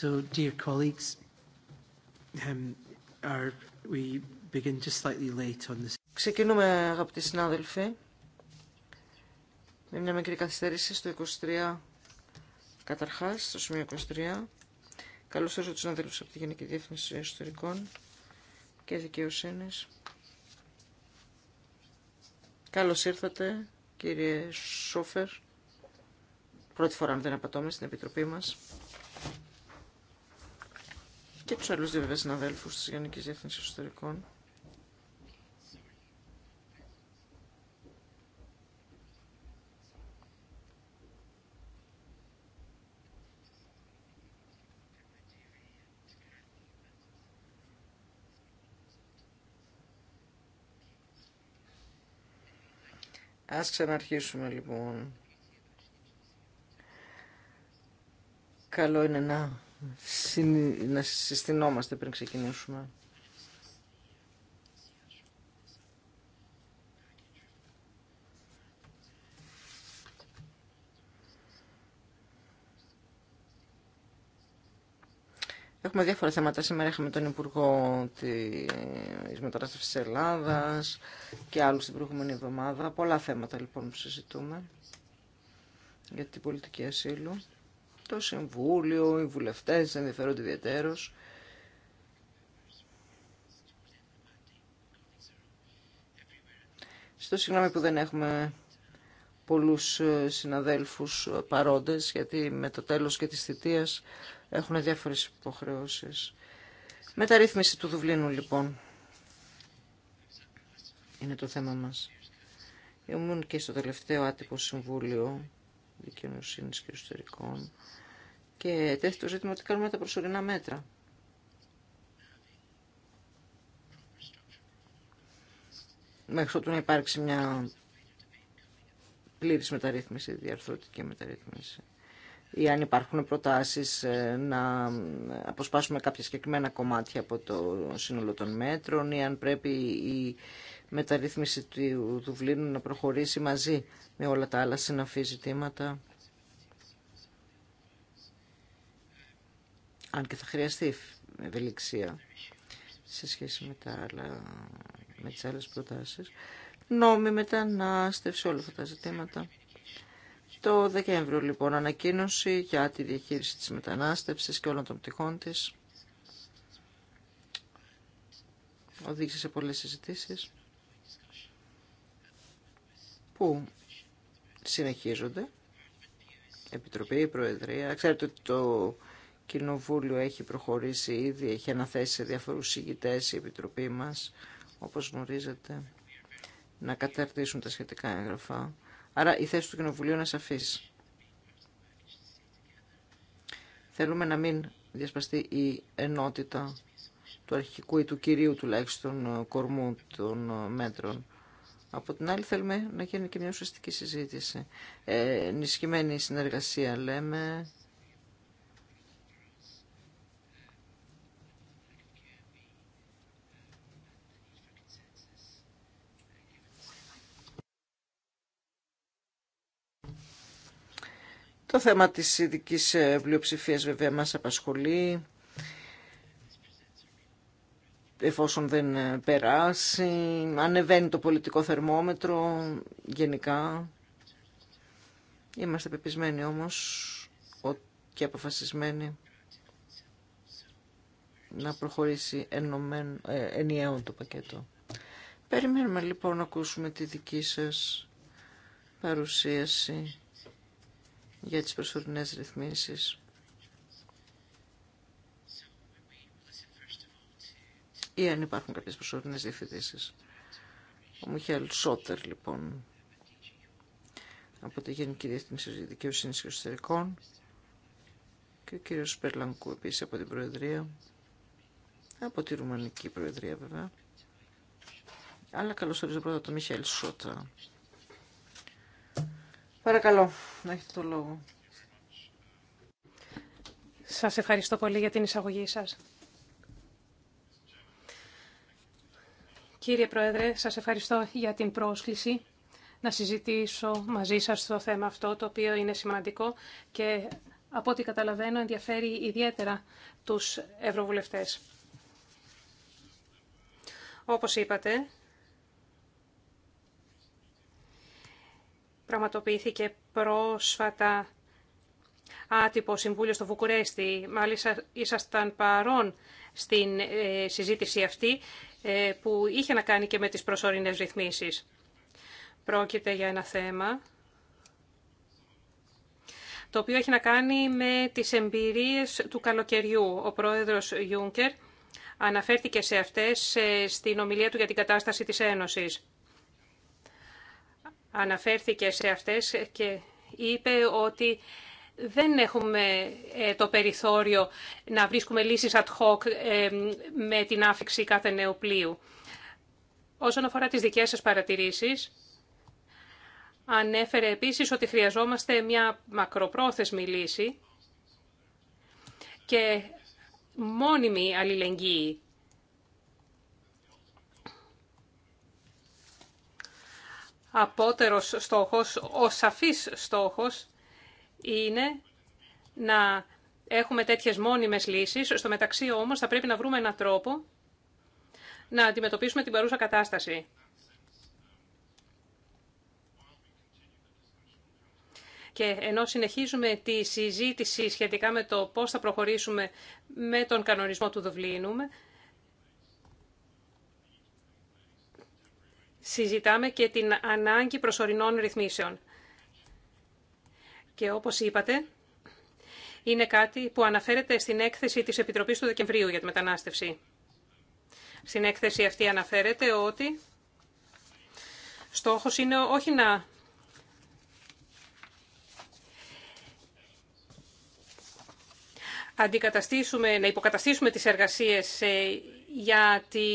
So, dear colleagues, um, are we begin just slightly late on this. Ξεκινούμε, αγαπητοί συνάδελφοι, με μια μικρή καθυστέρηση στο 23, καταρχάς, στο σημείο 23. Καλώς ήρθατε τους συναδέλφους από τη Γενική Διεύθυνση Εσωτερικών και Δικαιοσύνης. Καλώς ήρθατε, κύριε Σόφερ. Πρώτη φορά, αν δεν απατώμε, στην Επιτροπή μας και τους άλλους δύο βέβαια συναδέλφους της Γενικής Διεθνής Εσωτερικών. Ας ξαναρχίσουμε λοιπόν. Καλό είναι να να συστηνόμαστε πριν ξεκινήσουμε. Έχουμε διάφορα θέματα. Σήμερα είχαμε τον Υπουργό της Μετανάστευσης της Ελλάδας και άλλους την προηγούμενη εβδομάδα. Πολλά θέματα λοιπόν που συζητούμε για την πολιτική ασύλου το Συμβούλιο, οι βουλευτές ενδιαφέρονται ιδιαίτερως. Στο συγγνώμη που δεν έχουμε πολλούς ε, συναδέλφους ε, παρόντες, γιατί με το τέλος και τη θητείας έχουν διάφορες υποχρεώσεις. Μεταρρύθμιση του Δουβλίνου, λοιπόν, είναι το θέμα μας. Ήμουν και στο τελευταίο άτυπο συμβούλιο δικαιοσύνη και εσωτερικών και τέθη το ζήτημα ότι κάνουμε τα προσωρινά μέτρα. Μέχρι ότου να υπάρξει μια πλήρης μεταρρύθμιση, διαρθρωτική μεταρρύθμιση ή αν υπάρχουν προτάσεις ε, να αποσπάσουμε κάποια συγκεκριμένα κομμάτια από το σύνολο των μέτρων ή αν πρέπει η μεταρρύθμιση του Δουβλίνου να προχωρήσει μαζί με όλα τα άλλα συναφή ζητήματα. Αν και θα χρειαστεί ευελιξία σε σχέση με, τα άλλα, με τις άλλες προτάσεις. νόμι μετανάστευση, όλα αυτά τα ζητήματα. Το Δεκέμβριο λοιπόν ανακοίνωση για τη διαχείριση της μετανάστευσης και όλων των πτυχών της. Οδήγησε σε πολλές συζητήσεις που συνεχίζονται. Επιτροπή, Προεδρία. Ξέρετε ότι το Κοινοβούλιο έχει προχωρήσει ήδη, έχει αναθέσει σε διαφορούς συγκητές η Επιτροπή μας, όπως γνωρίζετε, να καταρτήσουν τα σχετικά έγγραφα. Άρα η θέση του Κοινοβουλίου είναι σαφής. Θέλουμε να μην διασπαστεί η ενότητα του αρχικού ή του κυρίου τουλάχιστον κορμού των μέτρων. Από την άλλη θέλουμε να γίνει και μια ουσιαστική συζήτηση. Ε, ενισχυμένη συνεργασία λέμε. Το θέμα της ειδική ε, πλειοψηφία βέβαια μας απασχολεί εφόσον δεν ε, περάσει, ανεβαίνει το πολιτικό θερμόμετρο γενικά. Είμαστε πεπισμένοι όμως και αποφασισμένοι να προχωρήσει ε, ενιαίο το πακέτο. Περιμένουμε λοιπόν να ακούσουμε τη δική σας παρουσίαση για τις προσωρινές ρυθμίσεις. ή αν υπάρχουν κάποιες προσωρινές διευθυντήσει. Ο Μιχαήλ Σότερ, λοιπόν, από τη Γενική Διεύθυνση Δικαιοσύνης και Εσωτερικών και ο κύριος Περλανκού επίση από την Προεδρία, από τη Ρουμανική Προεδρία βέβαια. Αλλά καλώς ορίζω πρώτα τον Μιχαήλ Σότερ. Παρακαλώ, να έχετε το λόγο. Σας ευχαριστώ πολύ για την εισαγωγή σας. Κύριε Πρόεδρε, σας ευχαριστώ για την πρόσκληση να συζητήσω μαζί σας το θέμα αυτό, το οποίο είναι σημαντικό και από ό,τι καταλαβαίνω ενδιαφέρει ιδιαίτερα τους ευρωβουλευτές. Όπως είπατε, πραγματοποιήθηκε πρόσφατα άτυπο συμβούλιο στο Βουκουρέστι. Μάλιστα ήσασταν παρόν στην ε, συζήτηση αυτή ε, που είχε να κάνει και με τις προσωρινές ρυθμίσεις. Πρόκειται για ένα θέμα το οποίο έχει να κάνει με τις εμπειρίες του καλοκαιριού. Ο πρόεδρος Γιούνκερ αναφέρθηκε σε αυτές ε, στην ομιλία του για την κατάσταση της Ένωσης. Αναφέρθηκε σε αυτές και είπε ότι δεν έχουμε ε, το περιθώριο να βρίσκουμε λύσεις ad hoc ε, με την άφηξη κάθε νέου πλοίου. Όσον αφορά τις δικές σας παρατηρήσεις, ανέφερε επίσης ότι χρειαζόμαστε μια μακροπρόθεσμη λύση και μόνιμη αλληλεγγύη. Απότερος στόχος, ο σαφής στόχος, είναι να έχουμε τέτοιες μόνιμες λύσεις. Στο μεταξύ όμως θα πρέπει να βρούμε έναν τρόπο να αντιμετωπίσουμε την παρούσα κατάσταση. Και ενώ συνεχίζουμε τη συζήτηση σχετικά με το πώς θα προχωρήσουμε με τον κανονισμό του Δουβλίνου, συζητάμε και την ανάγκη προσωρινών ρυθμίσεων. Και όπως είπατε, είναι κάτι που αναφέρεται στην έκθεση της Επιτροπής του Δεκεμβρίου για τη μετανάστευση. Στην έκθεση αυτή αναφέρεται ότι στόχος είναι όχι να αντικαταστήσουμε, να υποκαταστήσουμε τις εργασίες ε, για τη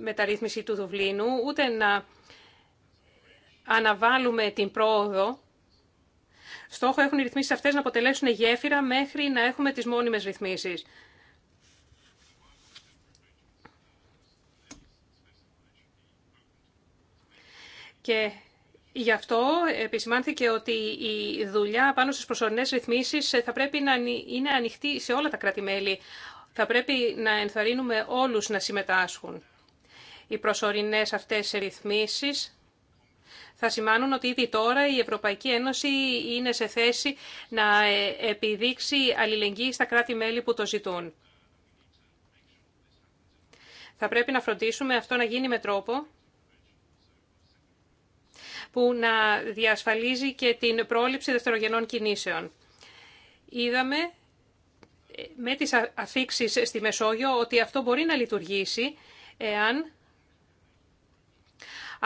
μεταρρύθμιση του Δουβλίνου, ούτε να αναβάλουμε την πρόοδο Στόχο έχουν οι ρυθμίσεις αυτές να αποτελέσουν γέφυρα μέχρι να έχουμε τις μόνιμες ρυθμίσεις. Και γι' αυτό επισημάνθηκε ότι η δουλειά πάνω στις προσωρινές ρυθμίσεις θα πρέπει να είναι ανοιχτή σε όλα τα κράτη-μέλη. Θα πρέπει να ενθαρρύνουμε όλους να συμμετάσχουν. Οι προσωρινές αυτές ρυθμίσεις θα σημάνουν ότι ήδη τώρα η Ευρωπαϊκή Ένωση είναι σε θέση να ε, επιδείξει αλληλεγγύη στα κράτη-μέλη που το ζητούν. Θα πρέπει να φροντίσουμε αυτό να γίνει με τρόπο που να διασφαλίζει και την πρόληψη δευτερογενών κινήσεων. Είδαμε ε, με τις αφήξεις στη Μεσόγειο ότι αυτό μπορεί να λειτουργήσει εάν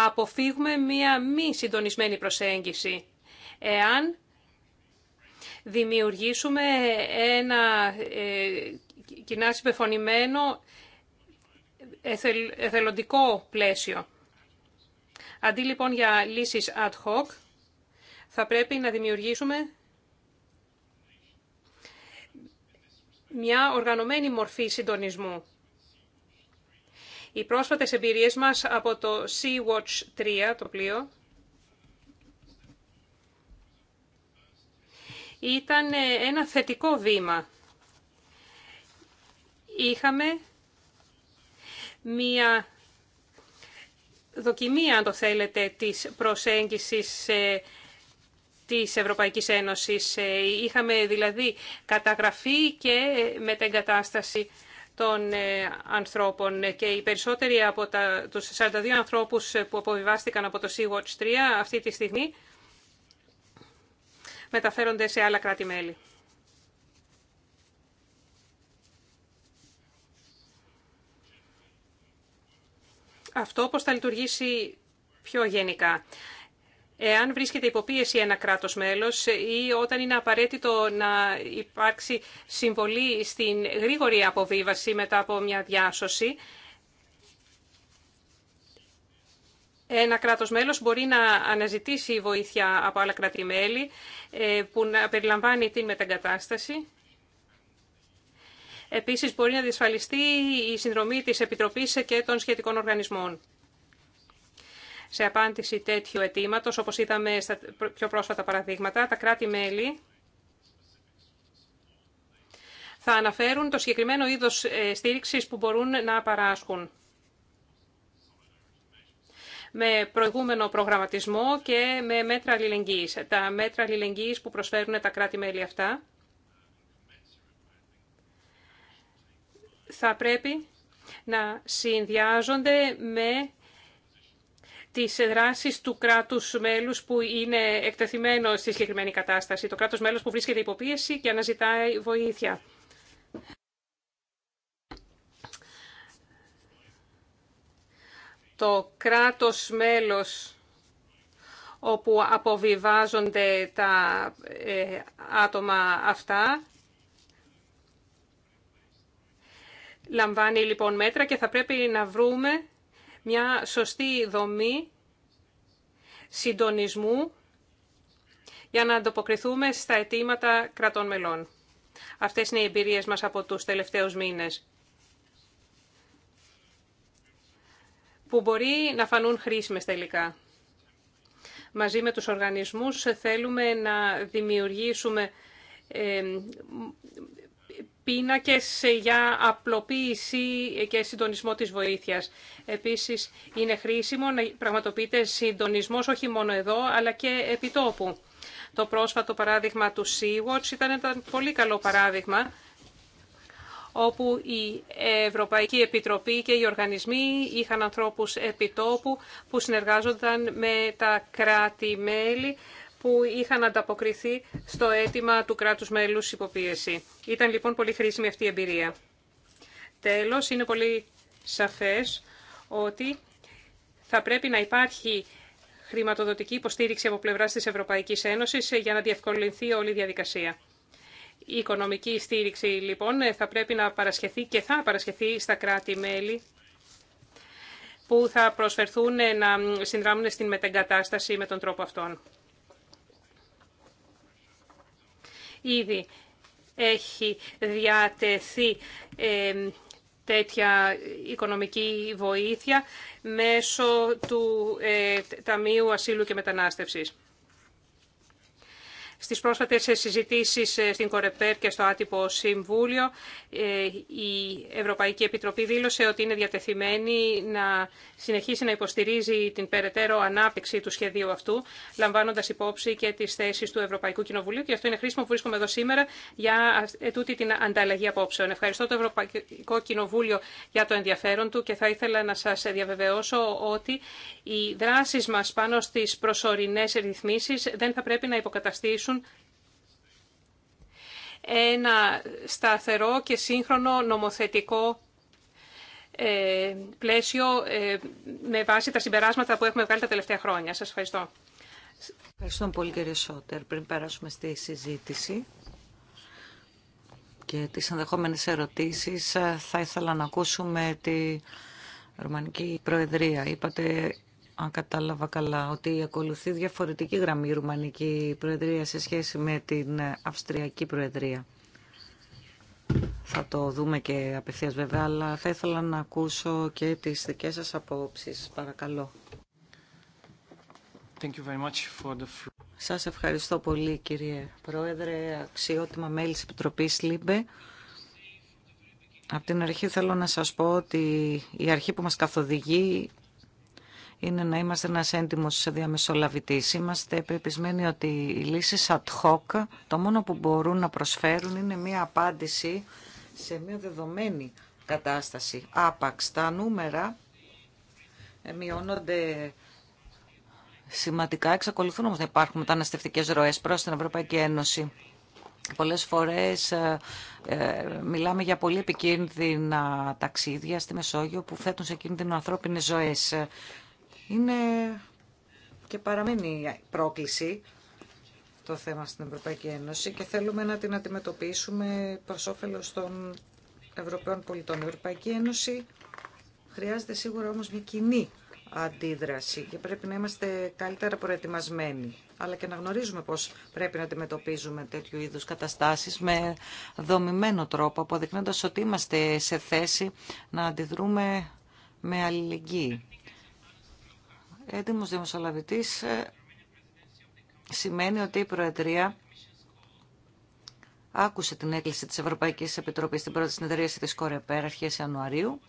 αποφύγουμε μία μη συντονισμένη προσέγγιση. Εάν δημιουργήσουμε ένα ε, κοινά συμπεφωνημένο εθελοντικό πλαίσιο. Αντί λοιπόν για λύσεις ad hoc, θα πρέπει να δημιουργήσουμε μια οργανωμένη μορφή συντονισμού. Οι πρόσφατες εμπειρίες μας από το Sea-Watch 3, το πλοίο, ήταν ε, ένα θετικό βήμα. Είχαμε μία δοκιμή, αν το θέλετε, της προσέγγισης ε, της Ευρωπαϊκής Ένωσης. Ε, είχαμε δηλαδή καταγραφή και μετεγκατάσταση των ε, ανθρώπων και οι περισσότεροι από τα, τους 42 ανθρώπους που αποβιβάστηκαν από το Sea-Watch 3 αυτή τη στιγμή μεταφέρονται σε άλλα κράτη-μέλη. Αυτό πώς θα λειτουργήσει πιο γενικά. Εάν βρίσκεται υποπίεση ένα κράτος μέλος ή όταν είναι απαραίτητο να υπάρξει συμβολή στην γρήγορη αποβίβαση μετά από μια διάσωση, ένα κράτος μέλος μπορεί να αναζητήσει βοήθεια από άλλα κράτη-μέλη ε, που να περιλαμβάνει την μεταγκατάσταση. Επίσης μπορεί να διασφαλιστεί η συνδρομή της Επιτροπής και των σχετικών οργανισμών σε απάντηση τέτοιου αιτήματο, όπως είδαμε στα πιο πρόσφατα παραδείγματα, τα κράτη-μέλη θα αναφέρουν το συγκεκριμένο είδος ε, στήριξης που μπορούν να παράσχουν με προηγούμενο προγραμματισμό και με μέτρα αλληλεγγύης. Τα μέτρα αλληλεγγύης που προσφέρουν τα κράτη-μέλη αυτά θα πρέπει να συνδυάζονται με τις δράσεις του κράτους μέλους που είναι εκτεθειμένο στη συγκεκριμένη κατάσταση, το κράτος μέλος που βρίσκεται υποπίεση και αναζητάει βοήθεια. Το κράτος μέλος όπου αποβιβάζονται τα ε, άτομα αυτά. Λαμβάνει λοιπόν μέτρα και θα πρέπει να βρούμε μια σωστή δομή συντονισμού για να ανταποκριθούμε στα αιτήματα κρατών μελών. Αυτές είναι οι εμπειρίες μας από τους τελευταίους μήνες. που μπορεί να φανούν χρήσιμες τελικά. Μαζί με τους οργανισμούς θέλουμε να δημιουργήσουμε ε, πίνακες για απλοποίηση και συντονισμό της βοήθειας. Επίσης, είναι χρήσιμο να πραγματοποιείται συντονισμός όχι μόνο εδώ, αλλά και επιτόπου. Το πρόσφατο παράδειγμα του Sea-Watch ήταν ένα πολύ καλό παράδειγμα, όπου η Ευρωπαϊκή Επιτροπή και οι οργανισμοί είχαν ανθρώπους επιτόπου που συνεργάζονταν με τα κράτη-μέλη που είχαν ανταποκριθεί στο αίτημα του κράτους μέλους υποπίεση. Ήταν λοιπόν πολύ χρήσιμη αυτή η εμπειρία. Τέλος, είναι πολύ σαφές ότι θα πρέπει να υπάρχει χρηματοδοτική υποστήριξη από πλευράς της Ευρωπαϊκής Ένωσης για να διευκολυνθεί όλη η διαδικασία. Η οικονομική στήριξη λοιπόν θα πρέπει να παρασχεθεί και θα παρασχεθεί στα κράτη-μέλη που θα προσφερθούν να συνδράμουν στην μετεγκατάσταση με τον τρόπο αυτόν. Ήδη έχει διατεθεί τέτοια οικονομική βοήθεια μέσω του ε, Ταμείου Ασύλου και Μετανάστευσης. Στις πρόσφατες συζητήσεις ε, στην Κορεπέρ και στο άτυπο Συμβούλιο, ε, η Ευρωπαϊκή Επιτροπή δήλωσε ότι είναι διατεθειμένη να συνεχίσει να υποστηρίζει την περαιτέρω ανάπτυξη του σχεδίου αυτού, λαμβάνοντας υπόψη και τις θέσεις του Ευρωπαϊκού Κοινοβουλίου. Και αυτό είναι χρήσιμο που βρίσκομαι εδώ σήμερα για ε, τούτη την ανταλλαγή απόψεων. Ευχαριστώ το Ευρωπαϊκό Κοινοβούλιο για το ενδιαφέρον του και θα ήθελα να σας διαβεβαιώσω ότι οι δράσεις μας πάνω στι προσωρινές ρυθμίσεις δεν θα πρέπει να υποκαταστήσουν ένα σταθερό και σύγχρονο νομοθετικό ε, πλαίσιο ε, με βάση τα συμπεράσματα που έχουμε βγάλει τα τελευταία χρόνια. Σας ευχαριστώ. Ευχαριστώ πολύ κύριε Σότερ. Πριν περάσουμε στη συζήτηση και τις ενδεχόμενες ερωτήσεις, ε, θα ήθελα να ακούσουμε τη Ρουμανική Προεδρία. Είπατε αν κατάλαβα καλά, ότι ακολουθεί διαφορετική γραμμή η Ρουμανική Προεδρία σε σχέση με την Αυστριακή Προεδρία. Θα το δούμε και απευθείας βέβαια, αλλά θα ήθελα να ακούσω και τις δικές σας απόψεις. Παρακαλώ. Thank you very Σας ευχαριστώ πολύ κύριε Πρόεδρε, αξιότιμα μέλη της Επιτροπής ΛΥΜΠΕ. Από την αρχή θέλω να σας πω ότι η αρχή που μας καθοδηγεί είναι να είμαστε ένα έντιμο διαμεσολαβητή. Είμαστε πεπισμένοι ότι οι λύσει ad hoc το μόνο που μπορούν να προσφέρουν είναι μία απάντηση σε μία δεδομένη κατάσταση. Άπαξ, τα νούμερα ε, μειώνονται σημαντικά. Εξακολουθούν όμω να υπάρχουν μεταναστευτικέ ροέ προ την Ευρωπαϊκή Ένωση. Πολλές φορές ε, ε, μιλάμε για πολύ επικίνδυνα ταξίδια στη Μεσόγειο που θέτουν σε κίνδυνο ανθρώπινες ζωές. Είναι και παραμένει πρόκληση το θέμα στην Ευρωπαϊκή Ένωση και θέλουμε να την αντιμετωπίσουμε προς όφελος των Ευρωπαίων πολιτών. Η Ευρωπαϊκή Ένωση χρειάζεται σίγουρα όμως μια κοινή αντίδραση και πρέπει να είμαστε καλύτερα προετοιμασμένοι αλλά και να γνωρίζουμε πώς πρέπει να αντιμετωπίζουμε τέτοιου είδους καταστάσεις με δομημένο τρόπο, αποδεικνύοντας ότι είμαστε σε θέση να αντιδρούμε με αλληλεγγύη. Έτοιμος δημοσιολαβητής ε, σημαίνει ότι η Προεδρία άκουσε την έκκληση της Ευρωπαϊκής Επιτροπής στην πρώτη συνεδρίαση της Κορεπέρα αρχές Ιανουαρίου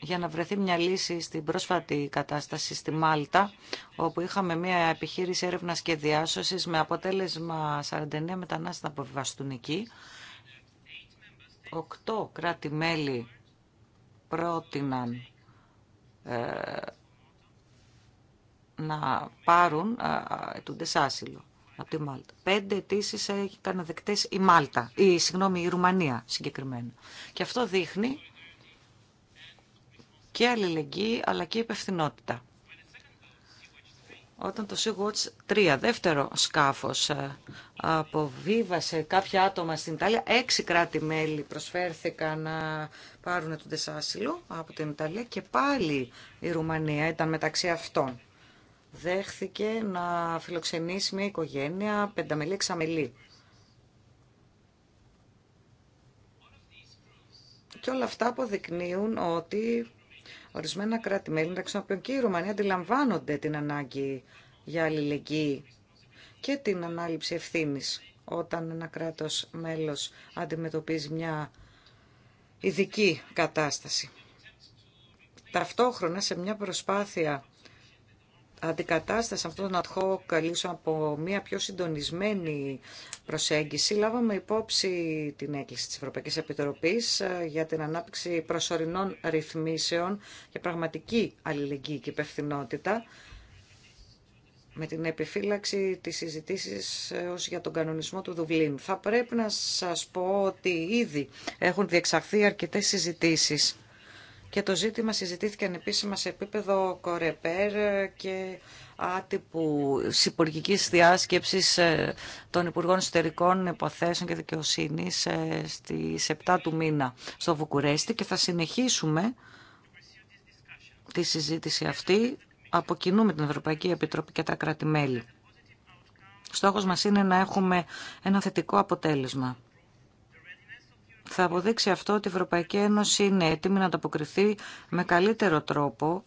για να βρεθεί μια λύση στην πρόσφατη κατάσταση στη Μάλτα, όπου είχαμε μια επιχείρηση έρευνας και διάσωσης με αποτέλεσμα 49 μετανάστες να αποβιβαστούν εκεί. Οκτώ κράτη-μέλη πρότειναν ε, να πάρουν το άσυλο από τη Μάλτα. Πέντε αιτήσει ήταν δεκτέ η Μάλτα, η, συγγνώμη, η Ρουμανία συγκεκριμένα. Και αυτό δείχνει και αλληλεγγύη αλλά και υπευθυνότητα. Όταν το Sea Watch 3, δεύτερο σκάφος, ε, αποβίβασε κάποια άτομα στην Ιταλία, έξι κράτη-μέλη προσφέρθηκαν να πάρουν τον δεσάσιλο από την Ιταλία και πάλι η Ρουμανία ήταν μεταξύ αυτών δέχθηκε να φιλοξενήσει μια οικογένεια πενταμελή εξαμελή. Και όλα αυτά αποδεικνύουν ότι ορισμένα κράτη-μέλη, μεταξύ των οποίων και η Ρουμανία, αντιλαμβάνονται την ανάγκη για αλληλεγγύη και την ανάληψη ευθύνης όταν ένα κράτος μέλος αντιμετωπίζει μια ειδική κατάσταση. Ταυτόχρονα σε μια προσπάθεια αντικατάσταση αυτών των ad hoc από μια πιο συντονισμένη προσέγγιση, λάβαμε υπόψη την έκκληση της Ευρωπαϊκής Επιτροπής ε, για την ανάπτυξη προσωρινών ρυθμίσεων για πραγματική αλληλεγγύη και υπευθυνότητα με την επιφύλαξη της συζητήσης ε, ως για τον κανονισμό του Δουβλίνου. Θα πρέπει να σας πω ότι ήδη έχουν διεξαχθεί αρκετές συζητήσεις και το ζήτημα συζητήθηκε ανεπίσημα σε επίπεδο κορεπέρ και άτυπου υπουργική διάσκεψη ε, των Υπουργών Εσωτερικών Υποθέσεων και Δικαιοσύνη ε, στι 7 του μήνα στο Βουκουρέστι και θα συνεχίσουμε τη συζήτηση αυτή από κοινού με την Ευρωπαϊκή Επιτροπή και τα κράτη-μέλη. Στόχος μας είναι να έχουμε ένα θετικό αποτέλεσμα θα αποδείξει αυτό ότι η Ευρωπαϊκή Ένωση είναι έτοιμη να ανταποκριθεί με καλύτερο τρόπο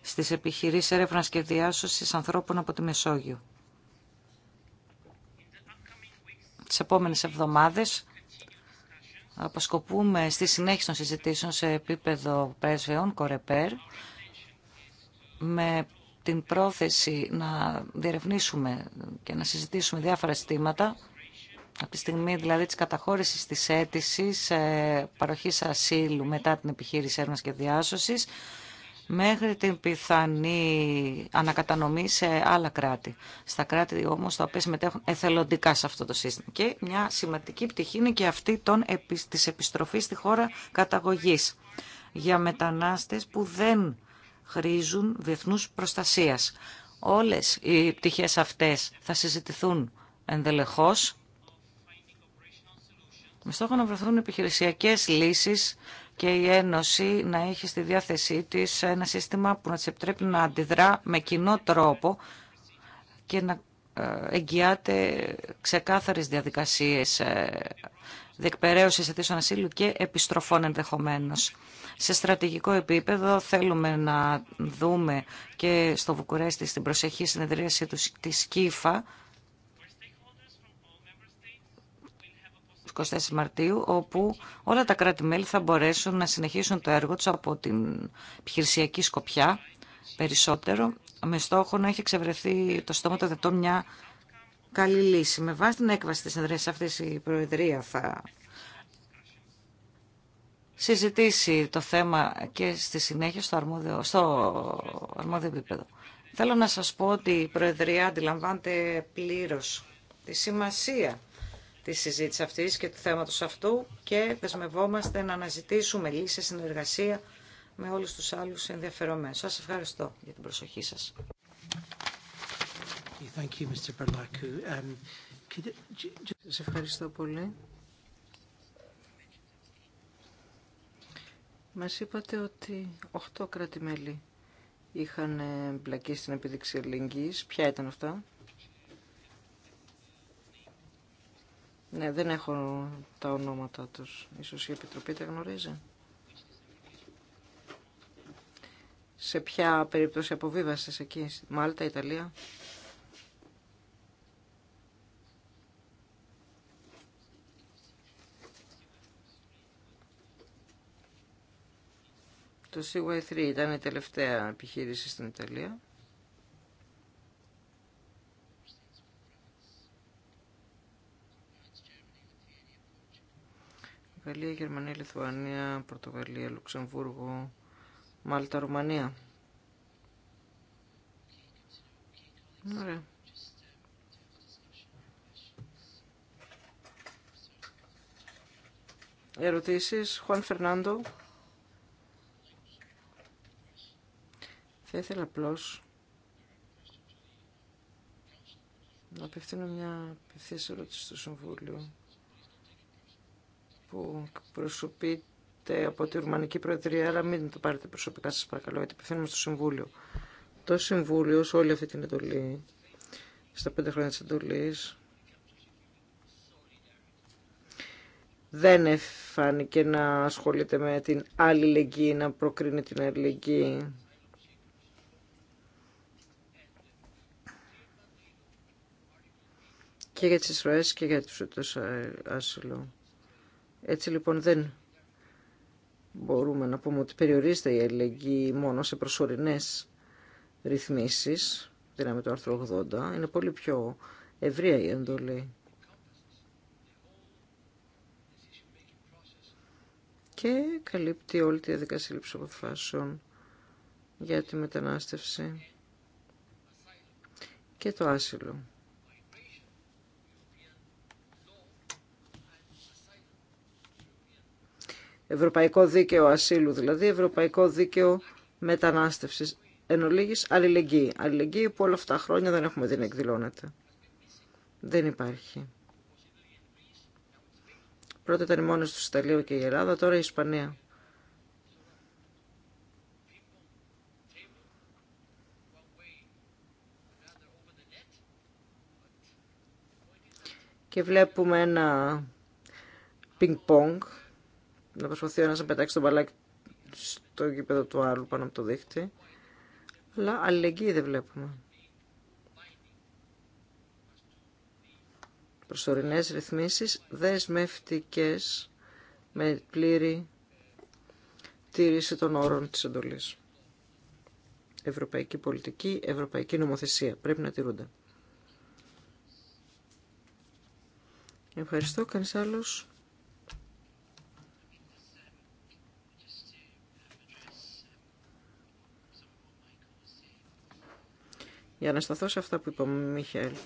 στις επιχειρήσεις έρευνας και διάσωσης ανθρώπων από τη Μεσόγειο. Τις επόμενες εβδομάδες αποσκοπούμε στη συνέχιση των συζητήσεων σε επίπεδο πρέσβεων, κορεπέρ, με την πρόθεση να διερευνήσουμε και να συζητήσουμε διάφορα ζητήματα από τη στιγμή δηλαδή της καταχώρησης της αίτησης ε, παροχής ασύλου μετά την επιχείρηση έρευνας και διάσωσης μέχρι την πιθανή ανακατανομή σε άλλα κράτη. Στα κράτη όμως τα οποία συμμετέχουν εθελοντικά σε αυτό το σύστημα. Και μια σημαντική πτυχή είναι και αυτή των, της επιστροφής στη χώρα καταγωγής για μετανάστες που δεν χρήζουν διεθνούς προστασίας. Όλες οι πτυχές αυτές θα συζητηθούν ενδελεχώς με στόχο να βρεθούν επιχειρησιακές λύσεις και η Ένωση να έχει στη διάθεσή της ένα σύστημα που να τη επιτρέπει να αντιδρά με κοινό τρόπο και να ε, εγγυάται ξεκάθαρες διαδικασίες ε, διεκπαιρέωση αιτήσεων ασύλου και επιστροφών ενδεχομένω. Σε στρατηγικό επίπεδο θέλουμε να δούμε και στο Βουκουρέστι στην προσεχή συνεδρίαση της 24 Μαρτίου, όπου όλα τα κράτη-μέλη θα μπορέσουν να συνεχίσουν το έργο τους από την επιχειρησιακή σκοπιά περισσότερο, με στόχο να έχει εξευρεθεί το στόμα των δετών μια καλή λύση. Με βάση την έκβαση της συνεδρίας αυτής η Προεδρία θα συζητήσει το θέμα και στη συνέχεια στο αρμόδιο, στο αρμόδιο επίπεδο. Θέλω να σας πω ότι η Προεδρία αντιλαμβάνεται πλήρως τη σημασία Τη συζήτηση αυτής και του θέματο αυτού και δεσμευόμαστε να αναζητήσουμε λύσεις, συνεργασία με όλους τους άλλους ενδιαφερομένους. Σας ευχαριστώ για την προσοχή σας. Thank um, Σας ευχαριστώ πολύ. Μας είπατε ότι 8 κράτη-μέλη είχαν μπλακεί στην επίδειξη ελληνικής. Ποια ήταν αυτά? Ναι, δεν έχω τα ονόματα τους. Ίσως η Επιτροπή τα γνωρίζει. Σε ποια περίπτωση αποβίβασες εκεί, Μάλτα, Ιταλία. Το CY3 ήταν η τελευταία επιχείρηση στην Ιταλία. Γαλλία, Γερμανία, Λιθουανία, Πορτογαλία, Λουξεμβούργο, Μάλτα, Ρουμανία. Ωραία. Ερωτήσεις, Χουάν Φερνάντο. Θα ήθελα απλώς να απευθύνω μια απευθείας ερώτηση στο Συμβούλιο που προσωπείται από τη Ρουμανική Προεδρία, αλλά μην το πάρετε προσωπικά σας παρακαλώ, γιατί πεθαίνουμε στο Συμβούλιο. Το Συμβούλιο σε όλη αυτή την εντολή, στα πέντε χρόνια της εντολής, δεν φάνηκε να ασχολείται με την αλληλεγγύη, να προκρίνει την αλληλεγγύη. και για τις Ισραήλ και για τους ε, άσυλο. Έτσι λοιπόν δεν μπορούμε να πούμε ότι περιορίζεται η αλληλεγγύη μόνο σε προσωρινές ρυθμίσεις, με το άρθρο 80, είναι πολύ πιο ευρία η εντολή. Και καλύπτει όλη τη διαδικασία λήψη αποφάσεων για τη μετανάστευση και το άσυλο. Ευρωπαϊκό δίκαιο ασύλου δηλαδή, ευρωπαϊκό δίκαιο μετανάστευσης. Εν αλληλεγγύη. Αλληλεγγύη που όλα αυτά τα χρόνια δεν έχουμε δει να εκδηλώνεται. Δεν υπάρχει. Πρώτα ήταν οι μόνες του Ιταλίου και η Ελλάδα, τώρα η Ισπανία. Και βλέπουμε ένα πινκ-πονγκ να προσπαθεί ο ένας να πετάξει τον μπαλάκι στο γήπεδο του άλλου πάνω από το δίχτυ. Αλλά αλληλεγγύη δεν βλέπουμε. Προσωρινές ρυθμίσεις δεσμευτικές με πλήρη τήρηση των όρων της εντολής. Ευρωπαϊκή πολιτική, ευρωπαϊκή νομοθεσία. Πρέπει να τηρούνται. Ευχαριστώ. Κανείς άλλος. Για να σταθώ σε αυτά που είπε ο Μιχαήλ.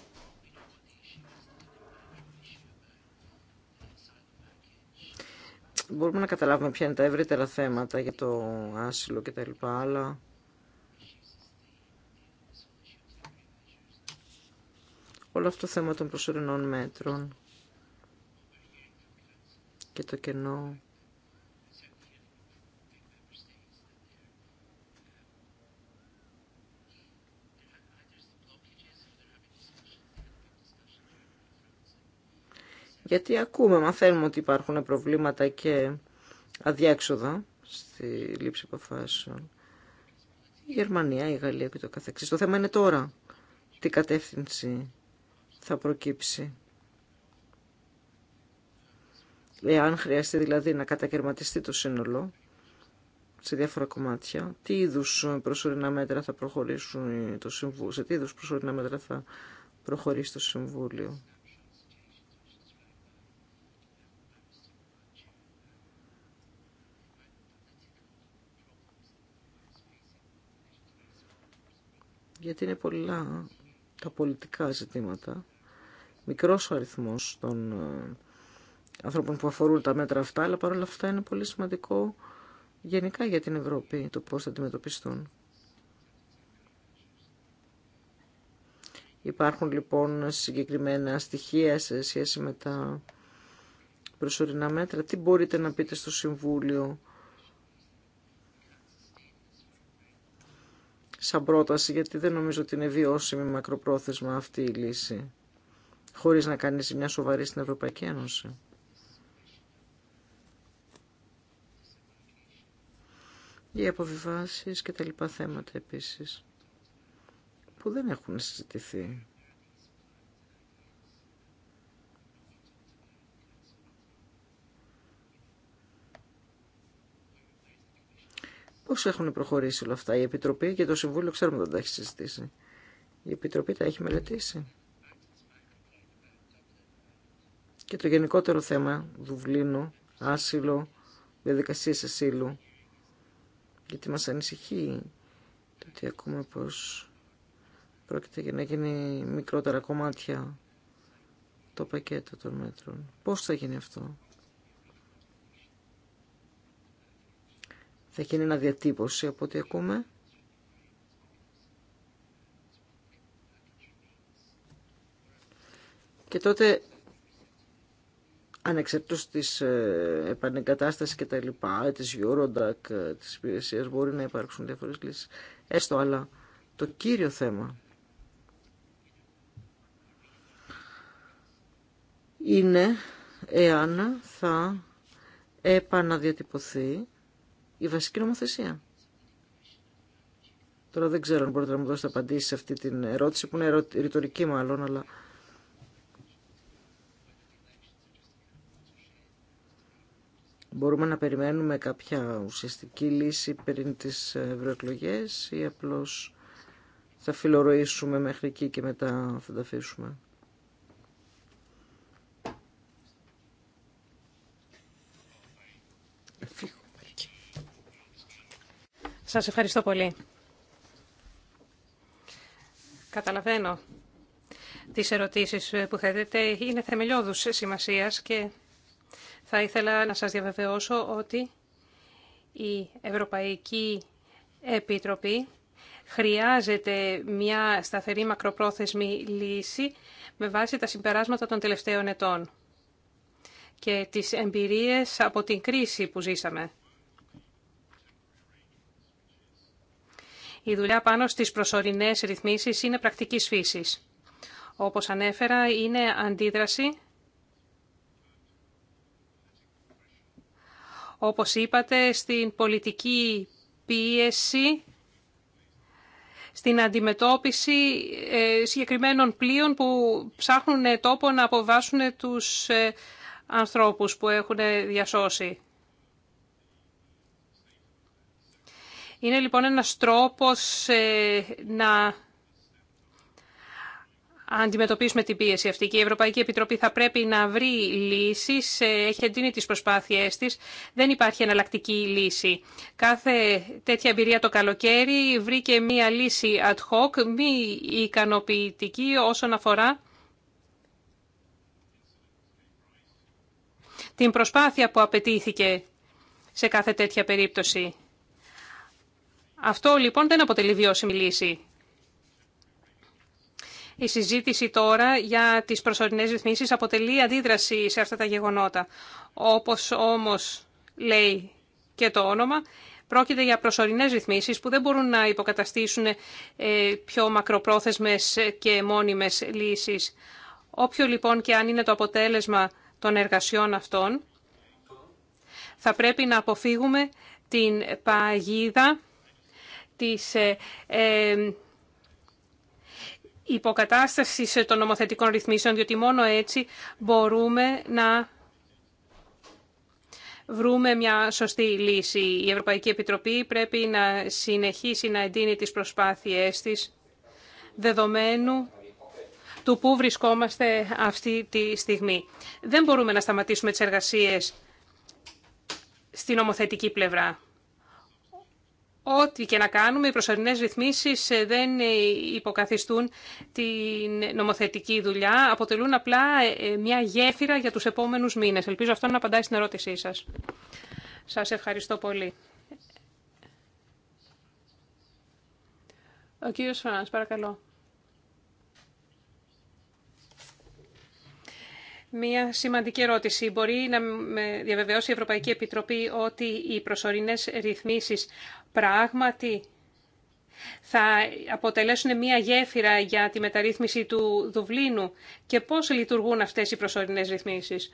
Μπορούμε να καταλάβουμε ποια είναι τα ευρύτερα θέματα για το άσυλο και τα λοιπά, αλλά όλο αυτό το θέμα των προσωρινών μέτρων και το κενό Γιατί ακούμε, μαθαίνουμε ότι υπάρχουν προβλήματα και αδιέξοδα στη λήψη αποφάσεων. Η Γερμανία, η Γαλλία και το καθεξής. Το θέμα είναι τώρα τι κατεύθυνση θα προκύψει. Εάν χρειαστεί δηλαδή να κατακαιρματιστεί το σύνολο σε διάφορα κομμάτια, τι είδου προσωρινά μέτρα θα προχωρήσουν το Συμβούλιο, σε τι είδου προσωρινά μέτρα θα προχωρήσει το Συμβούλιο. γιατί είναι πολλά τα πολιτικά ζητήματα. Μικρός ο αριθμός των ε, ανθρώπων που αφορούν τα μέτρα αυτά, αλλά παρόλα αυτά είναι πολύ σημαντικό γενικά για την Ευρώπη το πώς θα αντιμετωπιστούν. Υπάρχουν λοιπόν συγκεκριμένα στοιχεία σε σχέση με τα προσωρινά μέτρα. Τι μπορείτε να πείτε στο Συμβούλιο σαν πρόταση, γιατί δεν νομίζω ότι είναι βιώσιμη μακροπρόθεσμα αυτή η λύση, χωρίς να κάνει μια σοβαρή στην Ευρωπαϊκή Ένωση. Οι αποβιβάσεις και τα λοιπά θέματα επίσης, που δεν έχουν συζητηθεί Πώ έχουν προχωρήσει όλα αυτά. Η Επιτροπή και το Συμβούλιο ξέρουμε δεν τα έχει συζητήσει. Η Επιτροπή τα έχει μελετήσει. Και το γενικότερο θέμα, Δουβλίνο, άσυλο, διαδικασίε ασύλου. Γιατί μας ανησυχεί το ότι ακούμε πως πρόκειται για να γίνει μικρότερα κομμάτια το πακέτο των μέτρων. Πώς θα γίνει αυτό. Θα γίνει ένα διατύπωση από ό,τι ακούμε. Και τότε ανεξαρτήτως της ε, επανεγκατάστασης και τα λοιπά, ε, της Eurodac, ε, της υπηρεσία μπορεί να υπάρξουν διάφορες λύσεις. Έστω, αλλά το κύριο θέμα είναι εάν θα επαναδιατυπωθεί η βασική νομοθεσία. Τώρα δεν ξέρω αν μπορείτε να μου δώσετε απαντήσει σε αυτή την ερώτηση που είναι ρητορική μάλλον, αλλά... Μπορούμε να περιμένουμε κάποια ουσιαστική λύση πριν τις ε, ευρωεκλογέ ή απλώς θα φιλορροήσουμε μέχρι εκεί και μετά θα τα αφήσουμε. Σας ευχαριστώ πολύ. Καταλαβαίνω τις ερωτήσεις που θέλετε. Είναι θεμελιώδους σημασίας και θα ήθελα να σας διαβεβαιώσω ότι η Ευρωπαϊκή Επιτροπή χρειάζεται μια σταθερή μακροπρόθεσμη λύση με βάση τα συμπεράσματα των τελευταίων ετών και τις εμπειρίες από την κρίση που ζήσαμε. Η δουλειά πάνω στις προσωρινές ρυθμίσεις είναι πρακτικής φύσης. Όπως ανέφερα, είναι αντίδραση, όπως είπατε, στην πολιτική πίεση, στην αντιμετώπιση ε, συγκεκριμένων πλοίων που ψάχνουν τόπο να αποβάσουν τους ε, ανθρώπους που έχουν διασώσει. Είναι λοιπόν ένας τρόπος ε, να αντιμετωπίσουμε την πίεση αυτή. Και η Ευρωπαϊκή Επιτροπή θα πρέπει να βρει λύσεις, ε, έχει εντείνει τις προσπάθειές της. Δεν υπάρχει εναλλακτική λύση. Κάθε τέτοια εμπειρία το καλοκαίρι βρήκε μία λύση ad hoc, μη ικανοποιητική όσον αφορά την προσπάθεια που απαιτήθηκε σε κάθε τέτοια περίπτωση. Αυτό λοιπόν δεν αποτελεί βιώσιμη λύση. Η συζήτηση τώρα για τις προσωρινές ρυθμίσεις αποτελεί αντίδραση σε αυτά τα γεγονότα. Όπως όμως λέει και το όνομα, πρόκειται για προσωρινές ρυθμίσεις που δεν μπορούν να υποκαταστήσουν ε, πιο μακροπρόθεσμες και μόνιμες λύσεις. Όποιο λοιπόν και αν είναι το αποτέλεσμα των εργασιών αυτών, θα πρέπει να αποφύγουμε την παγίδα της ε, ε, υποκατάστασης των νομοθετικών ρυθμίσεων, διότι μόνο έτσι μπορούμε να βρούμε μια σωστή λύση. Η Ευρωπαϊκή Επιτροπή πρέπει να συνεχίσει να εντείνει τις προσπάθειές της, δεδομένου του πού βρισκόμαστε αυτή τη στιγμή. Δεν μπορούμε να σταματήσουμε τις εργασίες στην ομοθετική πλευρά. Ό,τι και να κάνουμε, οι προσωρινέ ρυθμίσει ε, δεν ε, υποκαθιστούν την νομοθετική δουλειά. Αποτελούν απλά ε, μια γέφυρα για τους επόμενου μήνες. Ελπίζω αυτό να απαντάει στην ερώτησή σας. Σας ευχαριστώ πολύ. Ο κύριος παρακαλώ. Μία σημαντική ερώτηση. Μπορεί να με διαβεβαιώσει η Ευρωπαϊκή Επιτροπή ότι οι προσωρινές ρυθμίσεις πράγματι θα αποτελέσουν μία γέφυρα για τη μεταρρύθμιση του Δουβλίνου και πώς λειτουργούν αυτές οι προσωρινές ρυθμίσεις.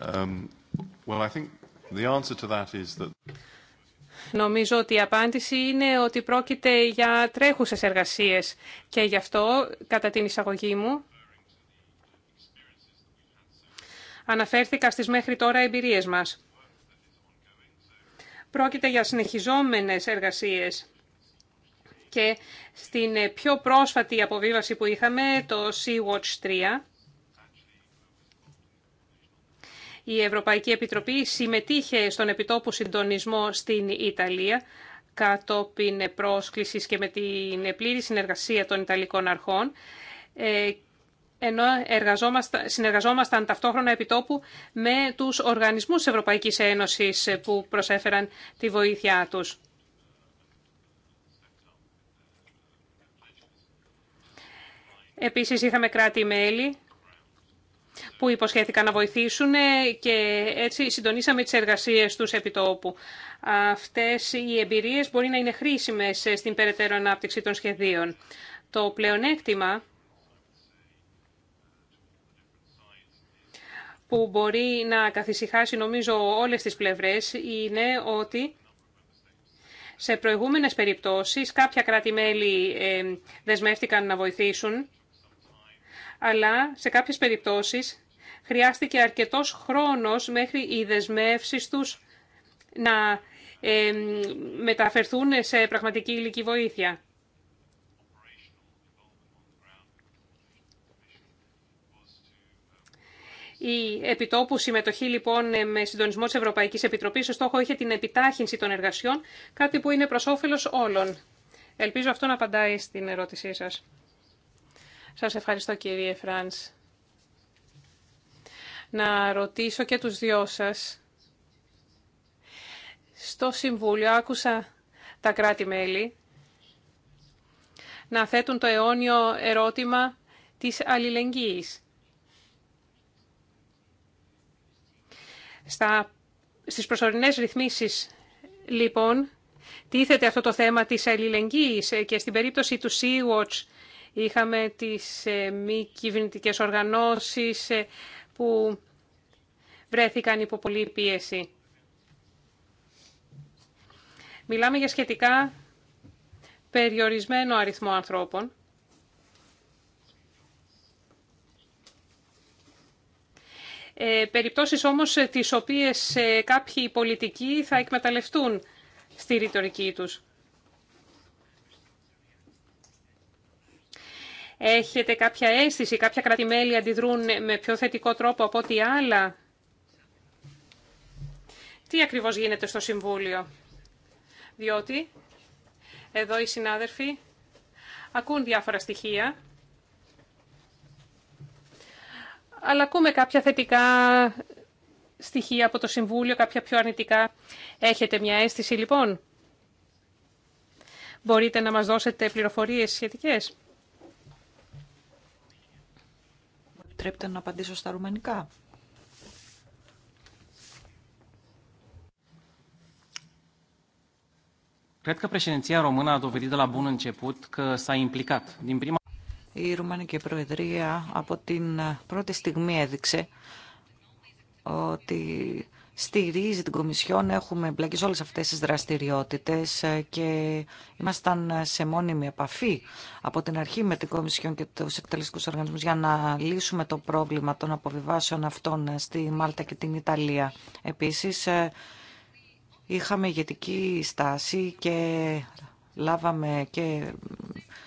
Um, well, Νομίζω ότι η απάντηση είναι ότι πρόκειται για τρέχουσες εργασίες και γι' αυτό, κατά την εισαγωγή μου, αναφέρθηκα στις μέχρι τώρα εμπειρίες μας. Πρόκειται για συνεχιζόμενες εργασίες και στην πιο πρόσφατη αποβίβαση που είχαμε, το Sea-Watch 3, Η Ευρωπαϊκή Επιτροπή συμμετείχε στον επιτόπου συντονισμό στην Ιταλία κατόπιν πρόσκλησης και με την πλήρη συνεργασία των Ιταλικών αρχών ε, ενώ συνεργαζόμασταν ταυτόχρονα επιτόπου με τους οργανισμούς της Ευρωπαϊκής Ένωσης που προσέφεραν τη βοήθειά τους. Επίσης είχαμε κράτη-μέλη που υποσχέθηκαν να βοηθήσουν ε, και έτσι συντονίσαμε τις εργασίες τους τόπου. Αυτές οι εμπειρίες μπορεί να είναι χρήσιμες ε, στην περαιτέρω ανάπτυξη των σχεδίων. Το πλεονέκτημα που μπορεί να καθησυχάσει νομίζω όλες τις πλευρές είναι ότι σε προηγούμενες περιπτώσεις κάποια κράτη-μέλη ε, δεσμεύτηκαν να βοηθήσουν, αλλά σε κάποιες περιπτώσεις χρειάστηκε αρκετός χρόνος μέχρι οι δεσμεύσει τους να μεταφερθούν σε πραγματική ηλική βοήθεια. Η επιτόπου συμμετοχή λοιπόν με συντονισμό της Ευρωπαϊκής Επιτροπής, ο στόχο είχε την επιτάχυνση των εργασιών, κάτι που είναι προς όφελος όλων. Ελπίζω αυτό να απαντάει στην ερώτησή σας. Σας ευχαριστώ κύριε Φράνς να ρωτήσω και τους δυο σας. Στο Συμβούλιο άκουσα τα κράτη-μέλη να θέτουν το αιώνιο ερώτημα της αλληλεγγύης. Στα, στις προσωρινές ρυθμίσεις, λοιπόν, τίθεται αυτό το θέμα της αλληλεγγύης και στην περίπτωση του Sea-Watch είχαμε τις ε, μη κυβερνητικέ οργανώσεις, ε, που βρέθηκαν υπό πολλή πίεση. Μιλάμε για σχετικά περιορισμένο αριθμό ανθρώπων. Ε, περιπτώσεις όμως ε, τις οποίες ε, κάποιοι πολιτικοί θα εκμεταλλευτούν στη ρητορική τους. Έχετε κάποια αίσθηση, κάποια κρατημέλη αντιδρούν με πιο θετικό τρόπο από ό,τι άλλα. Τι ακριβώς γίνεται στο Συμβούλιο. Διότι εδώ οι συνάδελφοι ακούν διάφορα στοιχεία. Αλλά ακούμε κάποια θετικά στοιχεία από το Συμβούλιο, κάποια πιο αρνητικά. Έχετε μια αίσθηση λοιπόν. Μπορείτε να μας δώσετε πληροφορίες σχετικές. επιτρέπετε να απαντήσω στα ρουμανικά. Cred că președinția română a dovedit de la bun început că s-a implicat. Din prima... Η Ρουμανική Προεδρία από την πρώτη στιγμή έδειξε ότι στηρίζει την Κομισιόν. Έχουμε εμπλακεί σε όλες αυτές τις δραστηριότητες ε, και ήμασταν σε μόνιμη επαφή από την αρχή με την Κομισιόν και τους εκτελεστικούς οργανισμούς για να λύσουμε το πρόβλημα των αποβιβάσεων αυτών ε, στη Μάλτα και την Ιταλία. Επίσης, ε, είχαμε ηγετική στάση και λάβαμε και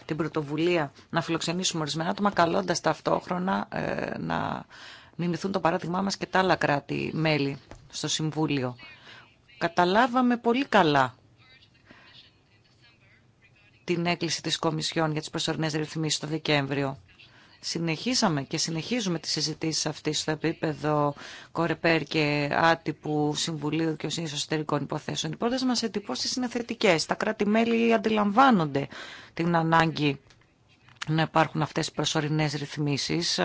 την πρωτοβουλία να φιλοξενήσουμε ορισμένα άτομα, καλώντας ταυτόχρονα να μιμηθούν το παράδειγμά μας και τα άλλα κράτη-μέλη στο Συμβούλιο. Καταλάβαμε πολύ καλά την έκκληση της Κομισιόν για τις προσωρινές ρυθμίσεις το Δεκέμβριο. Συνεχίσαμε και συνεχίζουμε τις συζητήσεις αυτές στο επίπεδο Κορεπέρ και Άτυπου Συμβουλίου και Οσύνης Εσωτερικών Υποθέσεων. Οι πρώτες μας εντυπώσεις είναι θετικές. Τα κράτη-μέλη αντιλαμβάνονται την ανάγκη να υπάρχουν αυτές οι προσωρινές ρυθμίσεις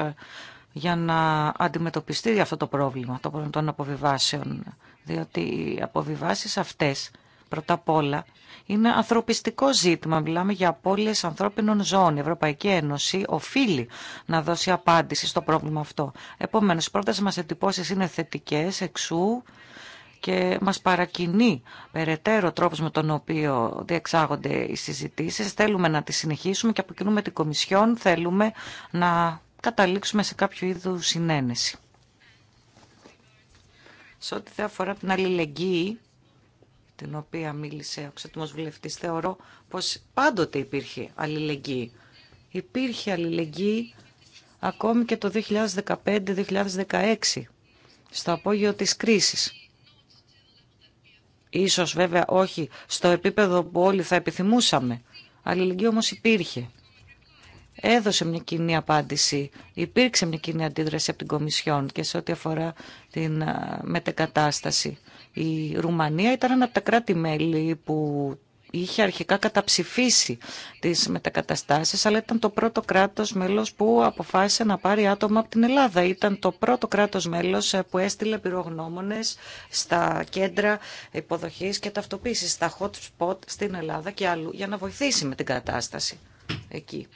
για να αντιμετωπιστεί αυτό το πρόβλημα, το πρόβλημα των αποβιβάσεων. Διότι οι αποβιβάσεις αυτές, πρώτα απ' όλα, είναι ανθρωπιστικό ζήτημα. Μιλάμε για απώλειες ανθρώπινων ζώων. Η Ευρωπαϊκή Ένωση οφείλει να δώσει απάντηση στο πρόβλημα αυτό. Επομένως, οι πρώτες μας εντυπώσεις είναι θετικές, εξού και μας παρακινεί περαιτέρω τρόπος με τον οποίο διεξάγονται οι συζητήσεις. Θέλουμε να τις συνεχίσουμε και από κοινού με την Κομισιόν θέλουμε να καταλήξουμε σε κάποιο είδου συνένεση. Σε ό,τι θα αφορά την αλληλεγγύη, την οποία μίλησε ο ξετοιμός βουλευτής, θεωρώ πως πάντοτε υπήρχε αλληλεγγύη. Υπήρχε αλληλεγγύη ακόμη και το 2015-2016, στο απόγειο της κρίσης. Ίσως βέβαια όχι στο επίπεδο που όλοι θα επιθυμούσαμε. Αλληλεγγύη όμως υπήρχε έδωσε μια κοινή απάντηση, υπήρξε μια κοινή αντίδραση από την Κομισιόν και σε ό,τι αφορά την μετεκατάσταση. Η Ρουμανία ήταν ένα από τα κράτη-μέλη που είχε αρχικά καταψηφίσει τις μετακαταστάσεις, αλλά ήταν το πρώτο κράτος μέλος που αποφάσισε να πάρει άτομα από την Ελλάδα. Ήταν το πρώτο κράτος μέλος ε, που έστειλε πυρογνώμονες στα κέντρα υποδοχής και ταυτοποίησης, στα hot spot στην Ελλάδα και αλλού, για να βοηθήσει με την κατάσταση εκεί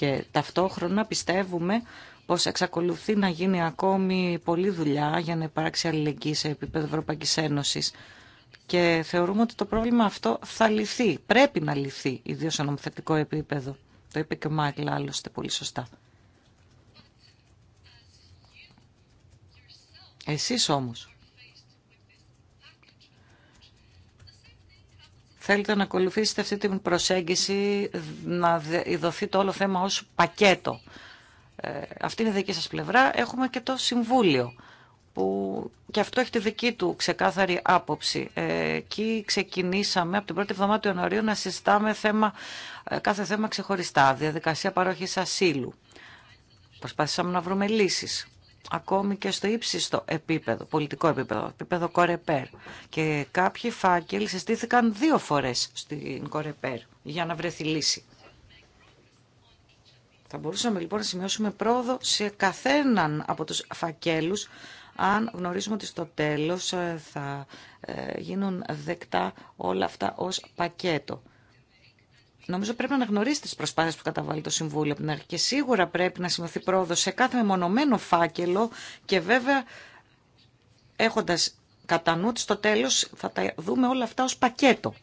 και ταυτόχρονα πιστεύουμε πως εξακολουθεί να γίνει ακόμη πολλή δουλειά για να υπάρξει αλληλεγγύη σε επίπεδο Ευρωπαϊκής Ένωσης και θεωρούμε ότι το πρόβλημα αυτό θα λυθεί, πρέπει να λυθεί, ιδίως σε νομοθετικό επίπεδο. Το είπε και ο Μάικλ άλλωστε πολύ σωστά. Εσείς όμως, θέλετε να ακολουθήσετε αυτή την προσέγγιση, να δοθεί το όλο θέμα ως πακέτο. Ε, αυτή είναι η δική σας πλευρά. Έχουμε και το Συμβούλιο που και αυτό έχει τη δική του ξεκάθαρη άποψη. Ε, εκεί ξεκινήσαμε από την πρώτη εβδομάδα του Ιανουαρίου να συζητάμε θέμα, ε, κάθε θέμα ξεχωριστά, διαδικασία παροχής ασύλου. Προσπαθήσαμε να βρούμε λύσεις ακόμη και στο ύψιστο επίπεδο, πολιτικό επίπεδο, επίπεδο Κορεπέρ. Και κάποιοι φάκελοι συστήθηκαν δύο φορές στην Κορεπέρ για να βρεθεί λύση. Θα μπορούσαμε λοιπόν να σημειώσουμε πρόοδο σε καθέναν από τους φακέλους, αν γνωρίζουμε ότι στο τέλος ε, θα ε, γίνουν δεκτά όλα αυτά ως πακέτο. Νομίζω πρέπει να αναγνωρίσει τι προσπάθειε που καταβάλει το Συμβούλιο από την αρχή και σίγουρα πρέπει να σημειωθεί πρόοδο σε κάθε μεμονωμένο φάκελο και βέβαια έχοντα κατά νου ότι στο τέλο θα τα δούμε όλα αυτά ω πακέτο.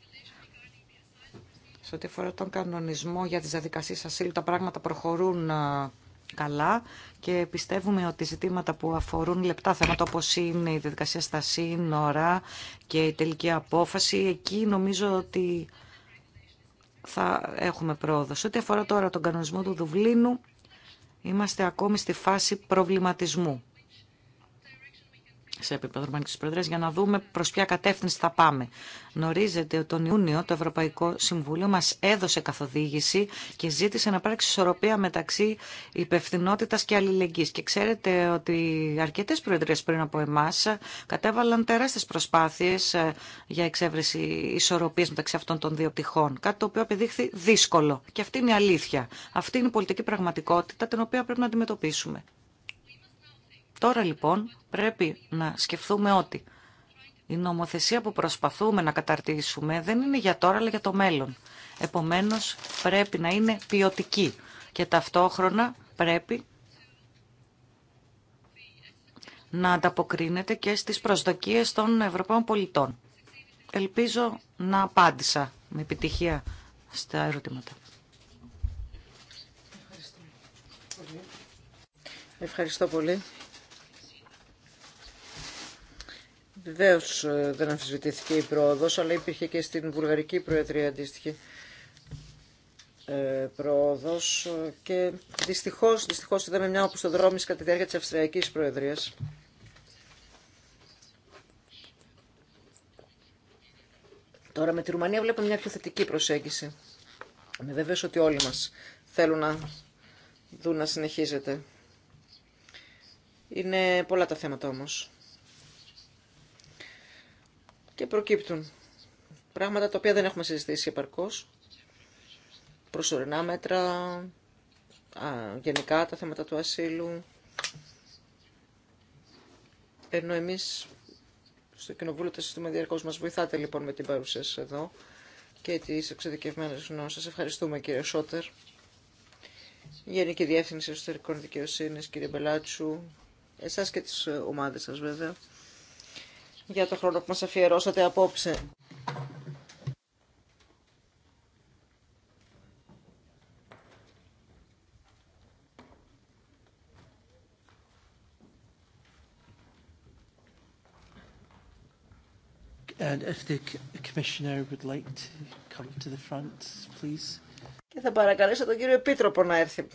Σε ό,τι αφορά τον κανονισμό για τι διαδικασίε ασύλου, τα πράγματα προχωρούν καλά και πιστεύουμε ότι ζητήματα που αφορούν λεπτά θέματα όπως είναι η διαδικασία στα σύνορα και η τελική απόφαση, εκεί νομίζω ότι θα έχουμε πρόοδο. Σε ό,τι αφορά τώρα τον κανονισμό του Δουβλίνου, είμαστε ακόμη στη φάση προβληματισμού σε επίπεδο Ρουμανική Προεδρία για να δούμε προ ποια κατεύθυνση θα πάμε. Γνωρίζετε ότι τον Ιούνιο το Ευρωπαϊκό Συμβούλιο μα έδωσε καθοδήγηση και ζήτησε να υπάρξει ισορροπία μεταξύ υπευθυνότητα και αλληλεγγύη. Και ξέρετε ότι αρκετέ Προεδρίε πριν από εμά κατέβαλαν τεράστιε προσπάθειες ε, για εξέβρεση ισορροπία μεταξύ αυτών των δύο πτυχών, κάτι το οποίο επιδείχθη δύσκολο. Και αυτή είναι η αλήθεια. Αυτή είναι η πολιτική πραγματικότητα την οποία πρέπει να αντιμετωπίσουμε. Τώρα λοιπόν πρέπει να σκεφτούμε ότι η νομοθεσία που προσπαθούμε να καταρτήσουμε δεν είναι για τώρα αλλά για το μέλλον. Επομένως πρέπει να είναι ποιοτική και ταυτόχρονα πρέπει να ανταποκρίνεται και στις προσδοκίες των Ευρωπαίων πολιτών. Ελπίζω να απάντησα με επιτυχία στα ερωτήματα. Ευχαριστώ πολύ. Βεβαίω ε, δεν αμφισβητήθηκε η πρόοδο, αλλά υπήρχε και στην Βουλγαρική Προεδρία αντίστοιχη ε, προόδο. και δυστυχώς, δυστυχώς είδαμε μια οπισθοδρόμηση κατά τη διάρκεια τη Αυστριακή Προεδρία. Τώρα με τη Ρουμανία βλέπουμε μια πιο θετική προσέγγιση. Με βεβαίω ότι όλοι μα θέλουν να δουν να συνεχίζεται. Είναι πολλά τα θέματα όμως και προκύπτουν πράγματα τα οποία δεν έχουμε συζητήσει επαρκώς. Προσωρινά μέτρα, α, γενικά τα θέματα του ασύλου. Ενώ εμείς στο Κοινοβούλιο τα συζητούμε διαρκώς. Μας βοηθάτε λοιπόν με την παρουσία σας εδώ και τις εξειδικευμένες γνώσεις. Σας ευχαριστούμε κύριε Σότερ. Γενική Διεύθυνση Εσωτερικών Δικαιοσύνης, κύριε Μπελάτσου, εσάς και τις ομάδες σας βέβαια για το χρόνο που μας αφιερώσατε απόψε. And if the commissioner would like to come to the front, please. Και θα παρακαλέσω τον κύριο Επίτροπο να έρθει.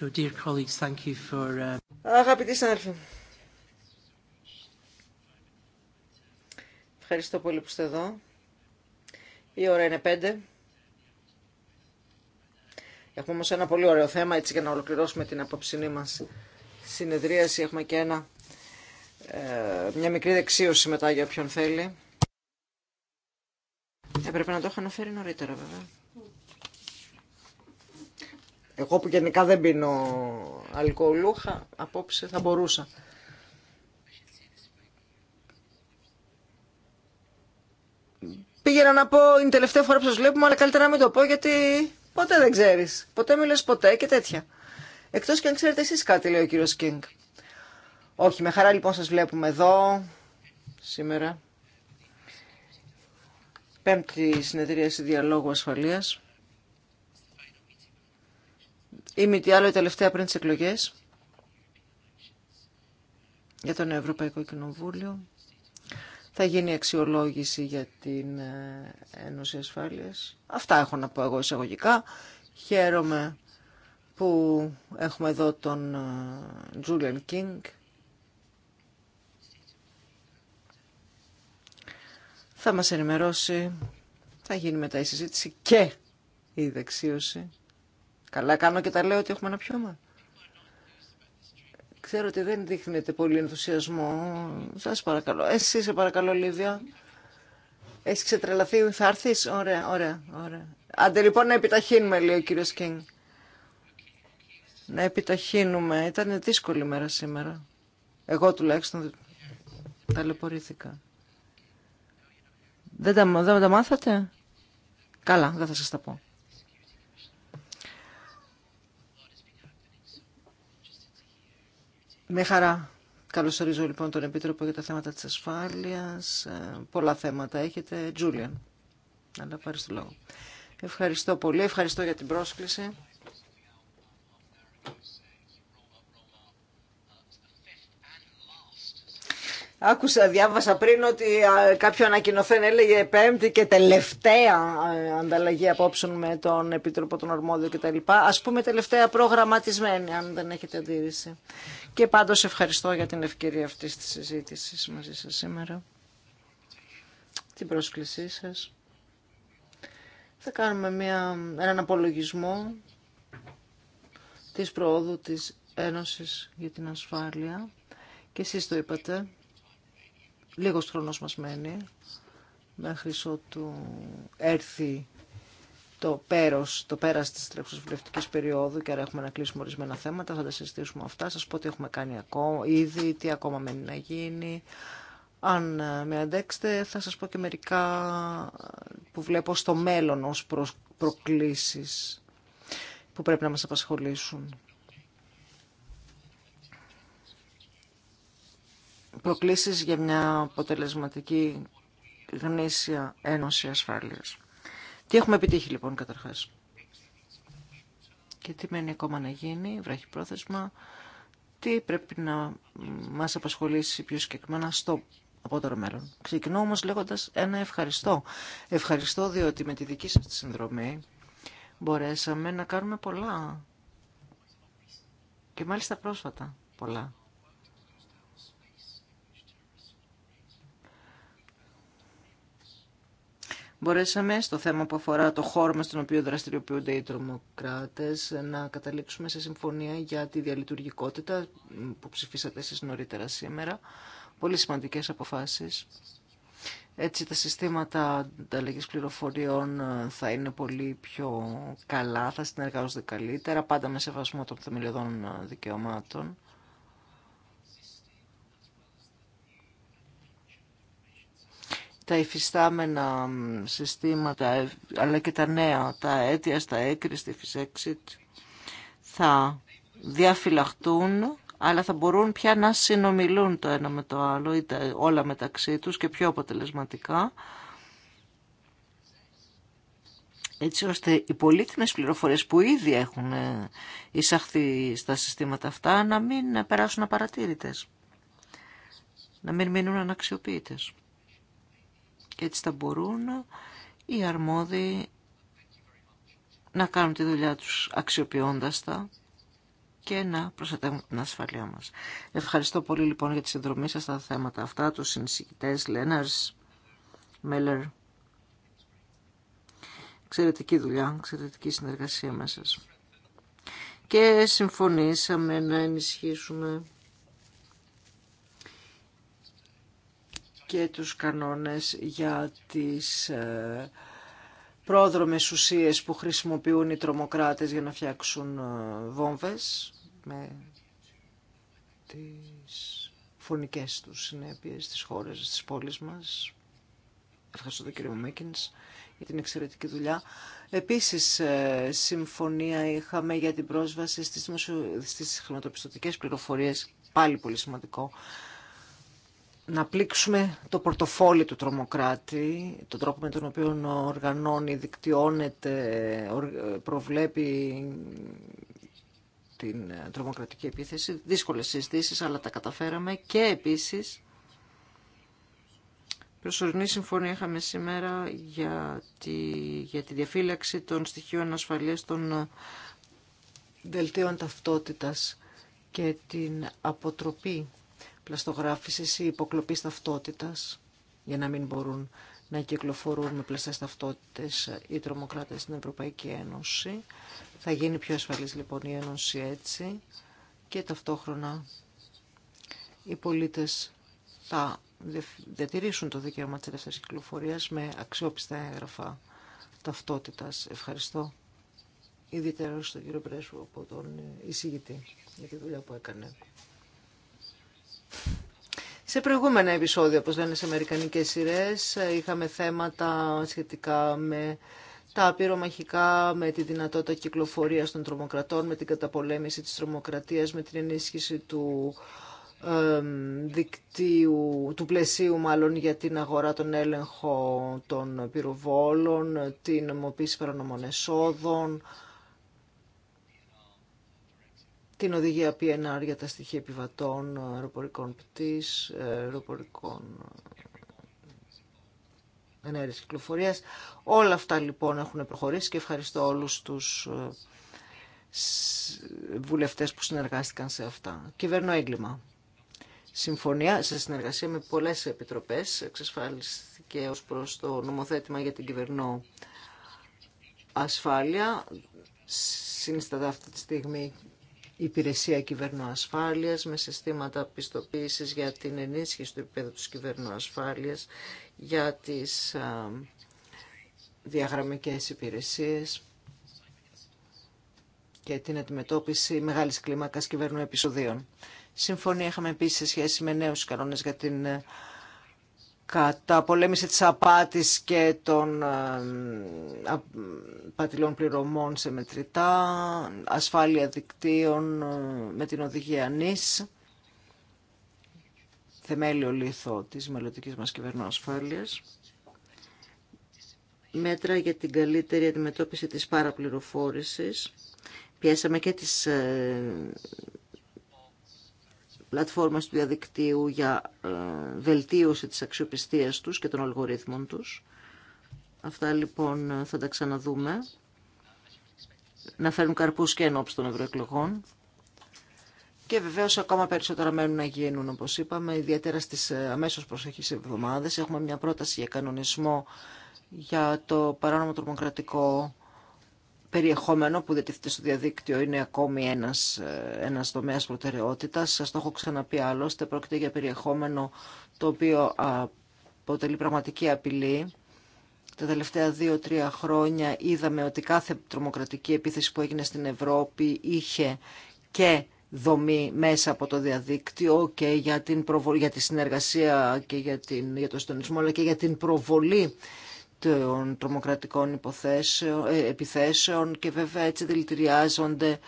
Uh, Αγαπητοί συνάδελφοι, ευχαριστώ πολύ που είστε εδώ. Η ώρα είναι πέντε. Έχουμε όμως ένα πολύ ωραίο θέμα, έτσι για να ολοκληρώσουμε την απόψηνή μας συνεδρίαση. Έχουμε και ένα, ε, μια μικρή δεξίωση μετά για όποιον θέλει. Ε, Έπρεπε να το είχα αναφέρει νωρίτερα βέβαια. Εγώ που γενικά δεν πίνω αλκοολούχα, απόψε θα μπορούσα. Πήγαινα να πω, είναι η τελευταία φορά που σας βλέπουμε, αλλά καλύτερα να μην το πω γιατί ποτέ δεν ξέρεις. Ποτέ μιλες ποτέ και τέτοια. Εκτός και αν ξέρετε εσείς κάτι, λέει ο κύριος Κίνγκ. Όχι, με χαρά λοιπόν σας βλέπουμε εδώ σήμερα. Πέμπτη συνεδρίαση διαλόγου ασφαλείας ή μη τι άλλο η τελευταία πριν τι εκλογέ για τον Ευρωπαϊκό Κοινοβούλιο. Θα γίνει αξιολόγηση για την ε, Ένωση Ασφάλειας. Αυτά έχω να πω εγώ εισαγωγικά. Χαίρομαι που έχουμε εδώ τον ε, Julian King. Θα μας ενημερώσει, θα γίνει μετά η συζήτηση και η δεξίωση. Καλά κάνω και τα λέω ότι έχουμε ένα πιόμα. Ξέρω ότι δεν δείχνετε πολύ ενθουσιασμό. Σας παρακαλώ. Εσύ σε παρακαλώ, Λίβια. Έχει ξετρελαθεί, θα έρθει. Ωραία, ωραία, ωραία. Άντε λοιπόν να επιταχύνουμε, λέει ο κύριο Κίνγκ. Να επιταχύνουμε. Ήταν δύσκολη μέρα σήμερα. Εγώ τουλάχιστον ταλαιπωρήθηκα. Δεν τα, δεν τα μάθατε? Καλά, δεν θα σας τα πω. Με χαρά. Καλωσορίζω λοιπόν τον Επίτροπο για τα θέματα της ασφάλειας. Ε, πολλά θέματα έχετε. Τζούλιαν, αλλά πάρεις το λόγο. Ευχαριστώ πολύ. Ευχαριστώ για την πρόσκληση. Άκουσα, διάβασα πριν ότι κάποιο ανακοινωθέν έλεγε πέμπτη και τελευταία ανταλλαγή απόψεων με τον Επίτροπο των Ορμόδιων κτλ. Ας πούμε τελευταία προγραμματισμένη, αν δεν έχετε αντίρρηση. Και πάντως ευχαριστώ για την ευκαιρία αυτή τη συζήτηση μαζί σα σήμερα. Την πρόσκλησή σα. Θα κάνουμε μια, έναν απολογισμό της προόδου της Ένωσης για την Ασφάλεια. Και εσείς το είπατε. Λίγος χρόνος μας μένει μέχρι ότου έρθει το, πέρος, το πέρας της τρέχουσας βουλευτικής περίοδου και άρα έχουμε να κλείσουμε ορισμένα θέματα, θα τα συζητήσουμε αυτά, σας πω τι έχουμε κάνει ακόμα, ήδη, τι ακόμα μένει να γίνει. Αν ε, με αντέξετε θα σας πω και μερικά ε, που βλέπω στο μέλλον ως προκλήσεις που πρέπει να μας απασχολήσουν. προκλήσεις για μια αποτελεσματική γνήσια ένωση ασφάλειας. Τι έχουμε επιτύχει λοιπόν καταρχάς. Και τι μένει ακόμα να γίνει, βράχει πρόθεσμα, τι πρέπει να μας απασχολήσει πιο συγκεκριμένα στο απότερο μέλλον. Ξεκινώ όμως λέγοντας ένα ευχαριστώ. Ευχαριστώ διότι με τη δική σας τη συνδρομή μπορέσαμε να κάνουμε πολλά. Και μάλιστα πρόσφατα πολλά. μπορέσαμε στο θέμα που αφορά το χώρο μας στον οποίο δραστηριοποιούνται οι τρομοκράτες να καταλήξουμε σε συμφωνία για τη διαλειτουργικότητα που ψηφίσατε εσείς νωρίτερα σήμερα. Πολύ σημαντικές αποφάσεις. Έτσι τα συστήματα ανταλλαγή πληροφοριών θα είναι πολύ πιο καλά, θα συνεργάζονται καλύτερα, πάντα με σεβασμό των θεμελιωδών δικαιωμάτων. τα υφιστάμενα συστήματα ε, αλλά και τα νέα, τα αίτια στα έκρη, στη φυσέξιτ, θα διαφυλαχτούν αλλά θα μπορούν πια να συνομιλούν το ένα με το άλλο ή τα, όλα μεταξύ τους και πιο αποτελεσματικά έτσι ώστε οι πολύτιμες πληροφορίες που ήδη έχουν ε, εισαχθεί στα συστήματα αυτά να μην περάσουν απαρατήρητες, να μην μείνουν αναξιοποιητές. Και έτσι θα μπορούν οι αρμόδιοι να κάνουν τη δουλειά τους αξιοποιώντας τα και να προστατεύουν την ασφαλεία μας. Ευχαριστώ πολύ λοιπόν για τη συνδρομή σας στα θέματα αυτά, τους συνεισηγητές Λέναρς, Μέλλερ. Εξαιρετική δουλειά, εξαιρετική συνεργασία μέσα σας. Και συμφωνήσαμε να ενισχύσουμε και τους κανόνες για τις ε, πρόδρομες ουσίες που χρησιμοποιούν οι τρομοκράτες για να φτιάξουν ε, βόμβες με τις φωνικές τους συνέπειες στις χώρες στις πόλεις μας. Ευχαριστώ τον κύριο Μίκινς για την εξαιρετική δουλειά. Επίσης, ε, συμφωνία είχαμε για την πρόσβαση στις, στις χρηματοπιστωτικές πληροφορίες, πάλι πολύ σημαντικό να πλήξουμε το πορτοφόλι του τρομοκράτη, τον τρόπο με τον οποίο οργανώνει, δικτυώνεται, προβλέπει την τρομοκρατική επίθεση. Δύσκολες συζητήσεις, αλλά τα καταφέραμε. Και επίσης, προσωρινή συμφωνία είχαμε σήμερα για τη, για τη διαφύλαξη των στοιχείων ασφαλείας των ε, δελτίων ταυτότητας και την αποτροπή πλαστογράφησης ή υποκλοπής ταυτότητας για να μην μπορούν να κυκλοφορούν με πλαστές ταυτότητες οι τρομοκράτες στην Ευρωπαϊκή Ένωση. Θα γίνει πιο ασφαλής λοιπόν η Ένωση έτσι και ταυτόχρονα οι πολίτες θα διατηρήσουν το δικαίωμα της ελεύθερης κυκλοφορίας με αξιόπιστα έγγραφα ταυτότητας. Ευχαριστώ ιδιαίτερα στον κύριο Πρέσβο από τον εισηγητή για τη δουλειά που έκανε. Σε προηγούμενα επεισόδια, όπως λένε σε αμερικανικές σειρές, είχαμε θέματα σχετικά με τα πυρομαχικά, με τη δυνατότητα κυκλοφορίας των τρομοκρατών, με την καταπολέμηση της τρομοκρατίας, με την ενίσχυση του δικτύου, του πλαισίου μάλλον για την αγορά, των έλεγχο των πυροβόλων, την ομοποίηση παρανομών εσόδων, την οδηγία PNR για τα στοιχεία επιβατών, αεροπορικών πτής, αεροπορικών ενέργειας κυκλοφορίας. Όλα αυτά λοιπόν έχουν προχωρήσει και ευχαριστώ όλους τους ε, βουλευτές που συνεργάστηκαν σε αυτά. Κυβέρνο έγκλημα. Συμφωνία σε συνεργασία με πολλές επιτροπές εξασφάλιστηκε ως προς το νομοθέτημα για την κυβερνό ασφάλεια. Συνιστατά αυτή τη στιγμή υπηρεσία κυβερνοασφάλειας, με συστήματα πιστοποίησης για την ενίσχυση του επίπεδου της κυβερνοασφάλειας, για τις διαγραμμικέ διαγραμμικές υπηρεσίες και την αντιμετώπιση μεγάλης κλίμακας κυβερνοεπισοδίων. Συμφωνία είχαμε επίσης σε σχέση με νέους κανόνες για την κατά της απάτης και των ε, πατηλών πληρωμών σε μετρητά, ασφάλεια δικτύων ε, με την οδηγία νης, θεμέλιο λίθο της μελλοντική μας κυβερνοασφάλειας, μέτρα για την καλύτερη αντιμετώπιση της παραπληροφόρησης, πιέσαμε και τις ε, πλατφόρμες του διαδικτύου για ε, βελτίωση της αξιοπιστίας τους και των αλγορίθμων τους. Αυτά λοιπόν θα τα ξαναδούμε. Να φέρουν καρπούς και ενώπιση των ευρωεκλογών. Και βεβαίως ακόμα περισσότερα μένουν να γίνουν, όπως είπαμε, ιδιαίτερα στις ε, αμέσως προσεχείς εβδομάδες. Έχουμε μια πρόταση για κανονισμό για το παράνομο τρομοκρατικό περιεχόμενο που διατίθεται στο διαδίκτυο είναι ακόμη ένας, ε, ένας τομέας προτεραιότητας. Σας το έχω ξαναπεί άλλωστε, πρόκειται για περιεχόμενο το οποίο αποτελεί πραγματική απειλή. Τα τελευταία δύο-τρία χρόνια είδαμε ότι κάθε τρομοκρατική επίθεση που έγινε στην Ευρώπη είχε και δομή μέσα από το διαδίκτυο και για, τη συνεργασία και για, για το συντονισμό αλλά και για την προβολή των τρομοκρατικών υποθέσεων, ε, επιθέσεων και βέβαια έτσι δηλητηριάζονται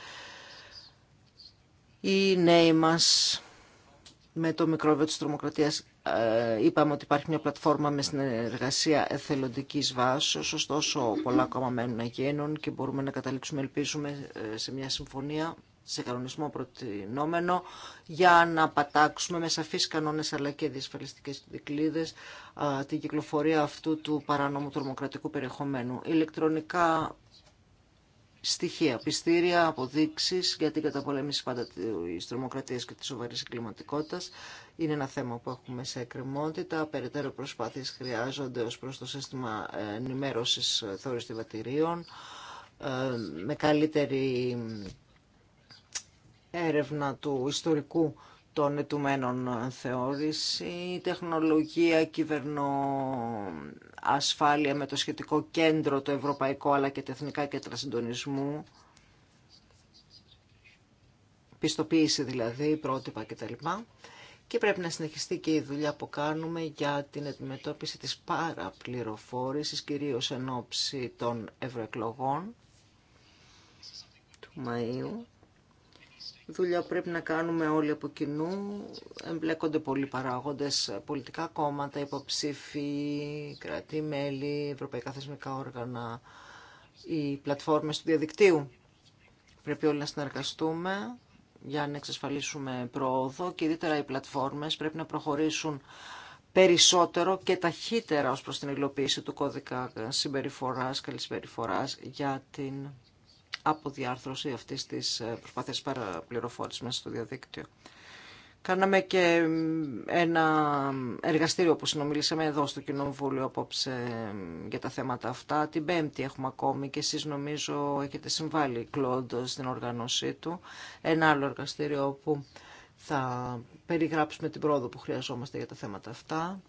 οι νέοι μας με το μικρόβιο της τρομοκρατίας. Ε, είπαμε ότι υπάρχει μια πλατφόρμα με συνεργασία εθελοντικής βάσης, ωστόσο πολλά ακόμα μένουν να γίνουν και μπορούμε να καταλήξουμε, ελπίζουμε, ε, σε μια συμφωνία σε κανονισμό προτινόμενο για να πατάξουμε με σαφείς κανόνες αλλά και διασφαλιστικές δικλείδες την κυκλοφορία αυτού του παράνομου τρομοκρατικού περιεχομένου. Ηλεκτρονικά στοιχεία, πιστήρια, αποδείξεις για την καταπολέμηση πάντα της τρομοκρατίας και της σοβαρή εγκληματικότητας. Είναι ένα θέμα που έχουμε σε εκκρεμότητα. Περαιτέρω προσπάθειες χρειάζονται ως προς το σύστημα ενημέρωσης ε, θεωριστιβατηρίων ε, με καλύτερη έρευνα του ιστορικού των ετουμένων θεώρηση, τεχνολογία, κυβερνοασφάλεια με το σχετικό κέντρο το ευρωπαϊκό αλλά και τα εθνικά κέντρα συντονισμού, πιστοποίηση δηλαδή, πρότυπα κτλ. Και πρέπει να συνεχιστεί και η δουλειά που κάνουμε για την αντιμετώπιση της παραπληροφόρησης, κυρίως εν ώψη των ευρωεκλογών του Μαΐου δουλειά που πρέπει να κάνουμε όλοι από κοινού. Εμπλέκονται πολλοί παράγοντες, πολιτικά κόμματα, υποψήφοι, κρατή, μέλη, ευρωπαϊκά θεσμικά όργανα, οι πλατφόρμες του διαδικτύου. Πρέπει όλοι να συνεργαστούμε για να εξασφαλίσουμε πρόοδο και ιδιαίτερα οι πλατφόρμες πρέπει να προχωρήσουν περισσότερο και ταχύτερα ως προς την υλοποίηση του κώδικα συμπεριφοράς, καλή συμπεριφοράς για την από διάρθρωση αυτής της ε, προσπάθειας παραπληροφόρησης μέσα στο διαδίκτυο. Κάναμε και ένα εργαστήριο που συνομιλήσαμε εδώ στο Κοινοβούλιο απόψε για τα θέματα αυτά. Την Πέμπτη έχουμε ακόμη και εσείς νομίζω έχετε συμβάλει, Κλοντ, στην οργάνωσή του. Ένα άλλο εργαστήριο που θα περιγράψουμε την πρόοδο που χρειαζόμαστε για τα θέματα αυτά.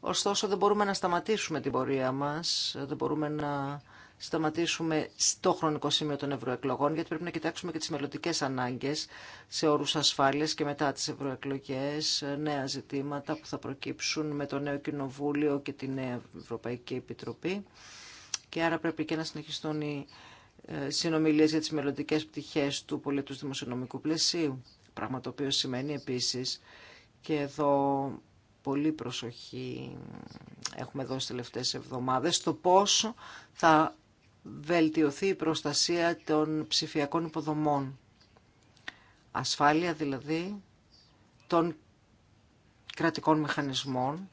Ωστόσο δεν μπορούμε να σταματήσουμε την πορεία μας, δεν μπορούμε να σταματήσουμε στο χρονικό σημείο των ευρωεκλογών, γιατί πρέπει να κοιτάξουμε και τις μελλοντικέ ανάγκες σε όρους ασφάλειας και μετά τις ευρωεκλογέ, νέα ζητήματα που θα προκύψουν με το νέο Κοινοβούλιο και τη νέα Ευρωπαϊκή Επιτροπή. Και άρα πρέπει και να συνεχιστούν οι ε, συνομιλίες για τις μελλοντικέ πτυχές του πολιτού δημοσιονομικού πλαισίου. Πράγμα το οποίο σημαίνει επίσης και εδώ πολύ προσοχή έχουμε δώσει τελευταίες εβδομάδες στο θα βελτιωθεί η προστασία των ψηφιακών υποδομών. Ασφάλεια δηλαδή των κρατικών μηχανισμών,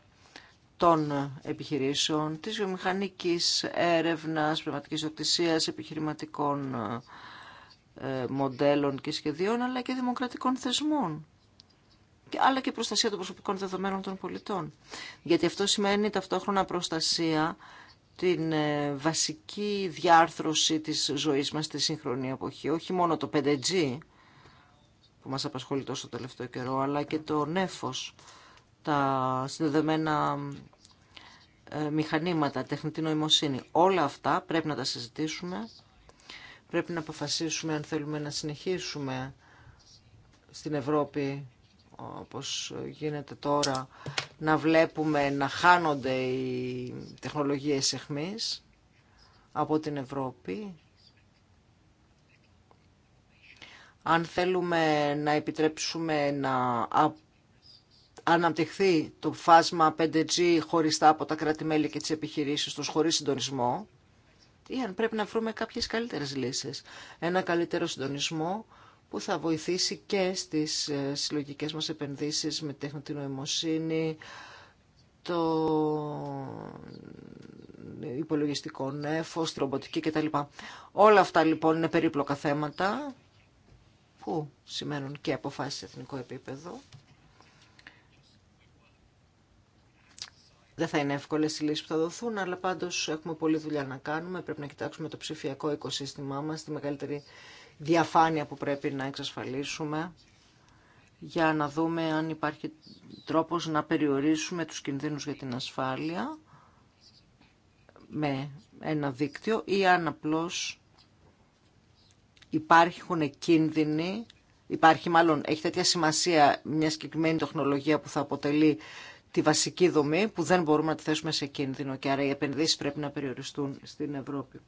των επιχειρήσεων, της βιομηχανικής έρευνας, πνευματικής οκτησίας, επιχειρηματικών ε, ε, μοντέλων και σχεδίων, αλλά και δημοκρατικών θεσμών αλλά και προστασία των προσωπικών δεδομένων των πολιτών. Γιατί αυτό σημαίνει ταυτόχρονα προστασία την ε, βασική διάρθρωση της ζωής μας στη σύγχρονη εποχή. Όχι μόνο το 5G που μας απασχολεί τόσο το τελευταίο καιρό, αλλά και το νέφος, τα συνδεδεμένα ε, μηχανήματα, τεχνητή νοημοσύνη. Όλα αυτά πρέπει να τα συζητήσουμε, πρέπει να αποφασίσουμε αν θέλουμε να συνεχίσουμε στην Ευρώπη όπως γίνεται τώρα να βλέπουμε να χάνονται οι τεχνολογίες εχμής από την Ευρώπη. Αν θέλουμε να επιτρέψουμε να αναπτυχθεί το φάσμα 5G χωριστά από τα κράτη-μέλη και τις επιχειρήσεις τους χωρίς συντονισμό, ή αν πρέπει να βρούμε κάποιες καλύτερες λύσεις. Ένα καλύτερο συντονισμό που θα βοηθήσει και στις ε, συλλογικές μας επενδύσεις με τέχνητη νοημοσύνη, το υπολογιστικό νέφος, τη ρομποτική κτλ. Όλα αυτά λοιπόν είναι περίπλοκα θέματα που σημαίνουν και αποφάσεις σε εθνικό επίπεδο. Δεν θα είναι εύκολες οι λύσεις που θα δοθούν, αλλά πάντως έχουμε πολλή δουλειά να κάνουμε. Πρέπει να κοιτάξουμε το ψηφιακό οικοσύστημά μας, τη μεγαλύτερη διαφάνεια που πρέπει να εξασφαλίσουμε για να δούμε αν υπάρχει τρόπος να περιορίσουμε τους κινδύνους για την ασφάλεια με ένα δίκτυο ή αν απλώς υπάρχουν κίνδυνοι, υπάρχει μάλλον, έχει τέτοια σημασία μια συγκεκριμένη τεχνολογία που θα αποτελεί τη βασική δομή που δεν μπορούμε να τη θέσουμε σε κίνδυνο και άρα οι επενδύσεις πρέπει να περιοριστούν στην Ευρώπη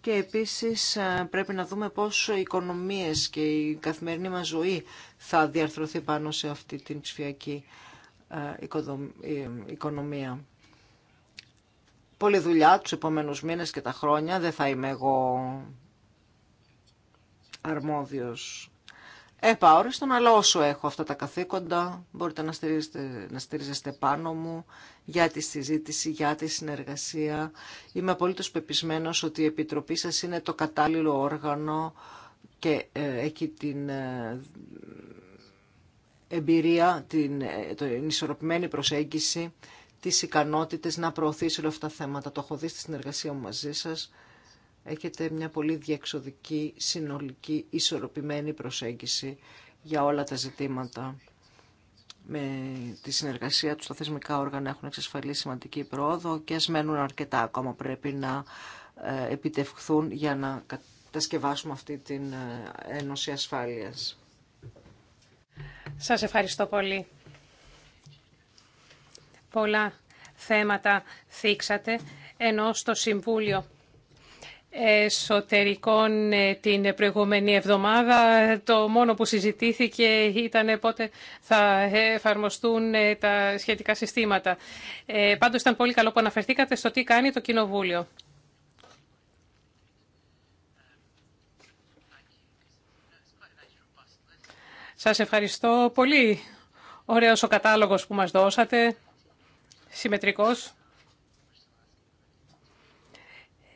και επίσης πρέπει να δούμε πόσο οι οικονομίες και η καθημερινή μας ζωή θα διαρθρωθεί πάνω σε αυτή την ψηφιακή οικονομία. Πολύ δουλειά τους επόμενους μήνες και τα χρόνια. Δεν θα είμαι εγώ αρμόδιος επαόριστον, αλλά όσο έχω αυτά τα καθήκοντα, μπορείτε να, στηρίζετε, να στηρίζεστε πάνω μου για τη συζήτηση, για τη συνεργασία. Είμαι απολύτως πεπισμένος ότι η Επιτροπή σας είναι το κατάλληλο όργανο και ε, έχει την ε, εμπειρία, την, ε, την ισορροπημένη προσέγγιση, τις ικανότητες να προωθήσει όλα αυτά τα θέματα. Το έχω δει στη συνεργασία μου μαζί σας έχετε μια πολύ διεξοδική, συνολική, ισορροπημένη προσέγγιση για όλα τα ζητήματα. Με τη συνεργασία του τα θεσμικά όργανα έχουν εξασφαλίσει σημαντική πρόοδο και ας μένουν αρκετά ακόμα πρέπει να ε, επιτευχθούν για να κατασκευάσουμε αυτή την ε, Ένωση Ασφάλειας. Σας ευχαριστώ πολύ. Πολλά θέματα θίξατε, ενώ στο Συμβούλιο εσωτερικών ε, την προηγούμενη εβδομάδα. Το μόνο που συζητήθηκε ήταν πότε θα εφαρμοστούν ε, τα σχετικά συστήματα. Ε, πάντως ήταν πολύ καλό που αναφερθήκατε στο τι κάνει το Κοινοβούλιο. Σας ευχαριστώ πολύ. Ωραίος ο κατάλογος που μας δώσατε. Συμμετρικός.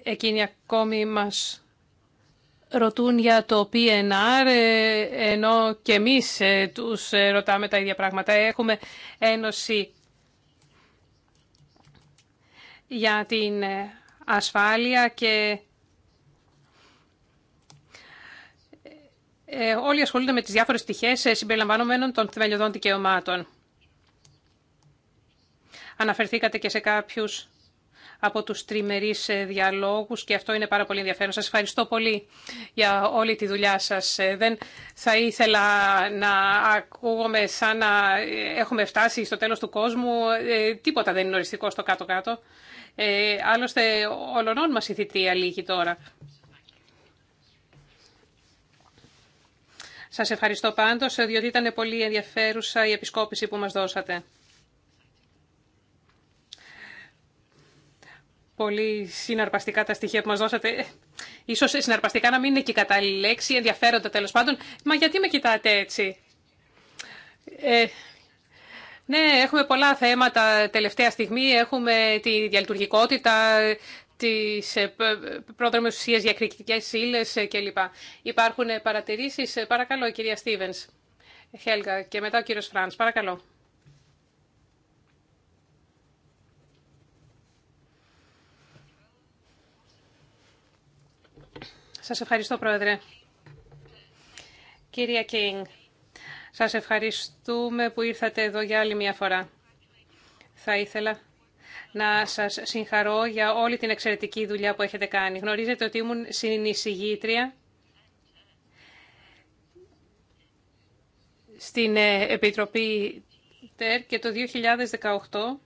Εκείνοι ακόμη μας ρωτούν για το PNR, ε, ενώ και εμείς ε, τους ε, ρωτάμε τα ίδια πράγματα. Έχουμε ένωση για την ασφάλεια και όλοι ασχολούνται με τις διάφορες πτυχές συμπεριλαμβανομένων των θεμελιωδών δικαιωμάτων. Αναφερθήκατε και σε κάποιους από τους τριμερείς ε, διαλόγους και αυτό είναι πάρα πολύ ενδιαφέρον. Σας ευχαριστώ πολύ για όλη τη δουλειά σας. Ε, δεν θα ήθελα να ακούγομαι σαν να ε, έχουμε φτάσει στο τέλος του κόσμου. Τίποτα δεν είναι οριστικό στο κάτω-κάτω. Άλλωστε, ολονών μας η θητεία λύγει τώρα. Σας ευχαριστώ πάντως, διότι ήταν πολύ ενδιαφέρουσα η επισκόπηση που μας δώσατε. πολύ συναρπαστικά τα στοιχεία που μα δώσατε. Ίσως συναρπαστικά να μην είναι και η κατάλληλη λέξη, ενδιαφέροντα τέλο πάντων. Μα γιατί με κοιτάτε έτσι. Ε, ναι, έχουμε πολλά θέματα τελευταία στιγμή. Έχουμε τη διαλειτουργικότητα, τι ε, προδρομέ ουσίε για κριτικές ύλε ε, κλπ. Υπάρχουν παρατηρήσει. Ε, παρακαλώ, κυρία Στίβεν Χέλγα και μετά ο κύριο Φρανς. Παρακαλώ. Σας ευχαριστώ, Πρόεδρε. Κυρία Κίνγκ, σας ευχαριστούμε που ήρθατε εδώ για άλλη μια φορά. Θα ήθελα να σας συγχαρώ για όλη την εξαιρετική δουλειά που έχετε κάνει. Γνωρίζετε ότι ήμουν συνεισηγήτρια στην ε, Επιτροπή ΤΕΡ και το 2018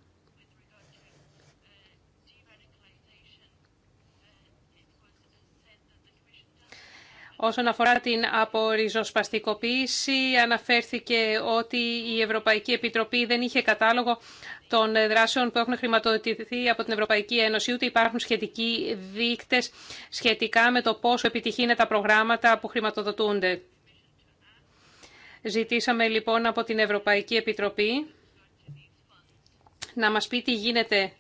Όσον αφορά την απορριζοσπαστικοποίηση, αναφέρθηκε ότι η Ευρωπαϊκή Επιτροπή δεν είχε κατάλογο των δράσεων που έχουν χρηματοδοτηθεί από την Ευρωπαϊκή Ένωση, ούτε υπάρχουν σχετικοί δείκτες σχετικά με το πόσο επιτυχή είναι τα προγράμματα που χρηματοδοτούνται. Ζητήσαμε λοιπόν από την Ευρωπαϊκή Επιτροπή να μας πει τι γίνεται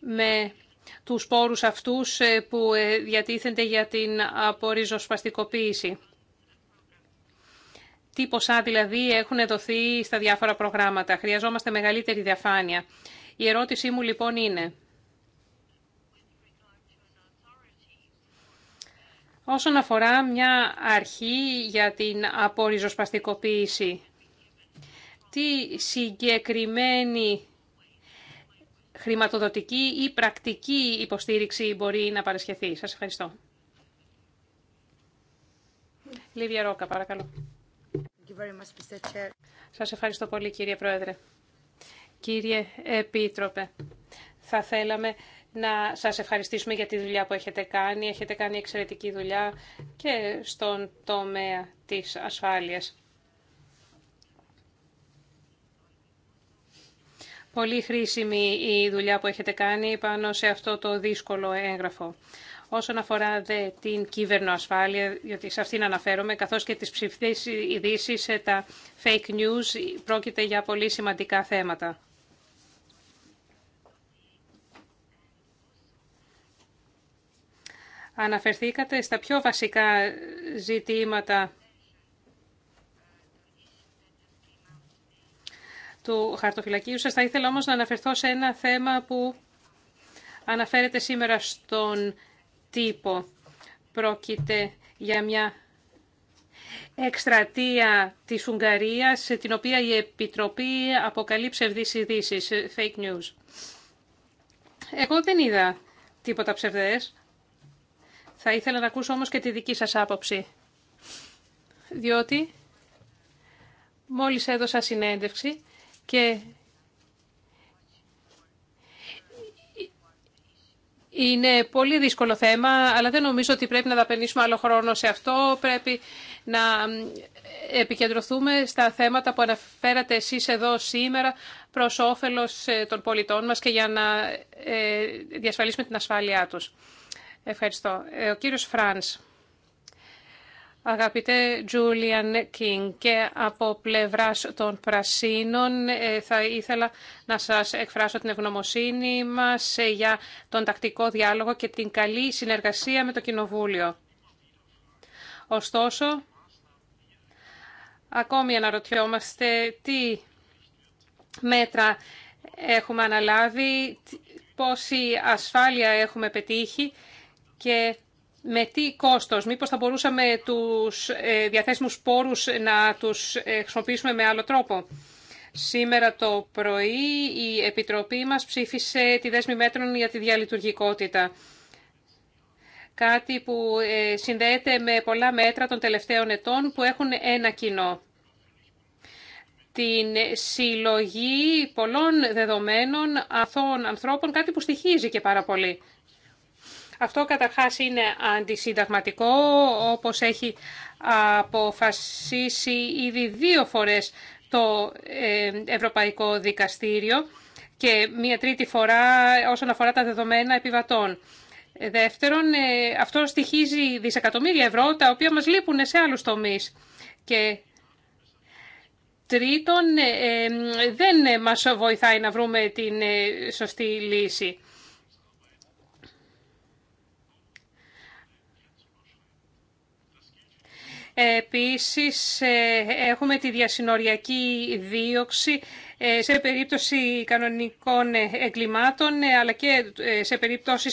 με τους πόρους αυτούς ε, που ε, διατίθενται για την απορριζοσπαστικοποίηση. Τι ποσά δηλαδή έχουν δοθεί στα διάφορα προγράμματα. Χρειαζόμαστε μεγαλύτερη διαφάνεια. Η ερώτησή μου λοιπόν είναι... Όσον αφορά μια αρχή για την απορριζοσπαστικοποίηση, τι συγκεκριμένη χρηματοδοτική ή πρακτική υποστήριξη μπορεί να παρεσχεθεί. Σας ευχαριστώ. Λίβια Ρόκα, παρακαλώ. Σας ευχαριστώ πολύ, κύριε Πρόεδρε. Κύριε Επίτροπε, θα θέλαμε να σας ευχαριστήσουμε για τη δουλειά που έχετε κάνει. Έχετε κάνει εξαιρετική δουλειά και στον τομέα της ασφάλειας. Πολύ χρήσιμη η δουλειά που έχετε κάνει πάνω σε αυτό το δύσκολο έγγραφο. Όσον αφορά δε την κυβερνοασφάλεια, γιατί σε αυτήν αναφέρομαι, καθώς και τις ψηφίσει ειδήσει, ε, τα fake news, πρόκειται για πολύ σημαντικά θέματα. Αναφερθήκατε στα πιο βασικά ζητήματα του χαρτοφυλακίου σας. Θα ήθελα όμως να αναφερθώ σε ένα θέμα που αναφέρεται σήμερα στον τύπο. Πρόκειται για μια εκστρατεία της Ουγγαρίας, την οποία η Επιτροπή αποκαλεί ψευδείς ειδήσει, fake news. Εγώ δεν είδα τίποτα ψευδές. Θα ήθελα να ακούσω όμως και τη δική σας άποψη. Διότι μόλις έδωσα συνέντευξη και είναι πολύ δύσκολο θέμα, αλλά δεν νομίζω ότι πρέπει να δαπενήσουμε άλλο χρόνο σε αυτό. Πρέπει να επικεντρωθούμε στα θέματα που αναφέρατε εσείς εδώ σήμερα προς όφελος ε, των πολιτών μας και για να ε, διασφαλίσουμε την ασφάλειά τους. Ευχαριστώ. Ε, ο κύριος Φράνς. Αγαπητέ Τζούλιαν Κίνγκ και από πλευράς των Πρασίνων ε, θα ήθελα να σας εκφράσω την ευγνωμοσύνη μας ε, για τον τακτικό διάλογο και την καλή συνεργασία με το Κοινοβούλιο. Ωστόσο, ακόμη αναρωτιόμαστε τι μέτρα έχουμε αναλάβει, πόση ασφάλεια έχουμε πετύχει και με τι κόστος, μήπως θα μπορούσαμε τους ε, διαθέσιμους πόρους να τους ε, χρησιμοποιήσουμε με άλλο τρόπο. Σήμερα το πρωί η Επιτροπή μας ψήφισε τη δέσμη μέτρων για τη διαλειτουργικότητα. Κάτι που ε, συνδέεται με πολλά μέτρα των τελευταίων ετών που έχουν ένα κοινό. Την συλλογή πολλών δεδομένων αθώων ανθρώπων, κάτι που στοιχίζει και πάρα πολύ. Αυτό καταρχάς είναι αντισυνταγματικό, όπως έχει αποφασίσει ήδη δύο φορές το ε, Ευρωπαϊκό Δικαστήριο και μία τρίτη φορά όσον αφορά τα δεδομένα επιβατών. Δεύτερον, ε, αυτό στοιχίζει δισεκατομμύρια ευρώ, τα οποία μας λείπουν σε άλλους τομείς. Και τρίτον, ε, δεν μας βοηθάει να βρούμε την σωστή λύση. Επίσης, ε, έχουμε τη διασυνοριακή δίωξη ε, σε περίπτωση κανονικών ε, εγκλημάτων, αλλά και σε περίπτωση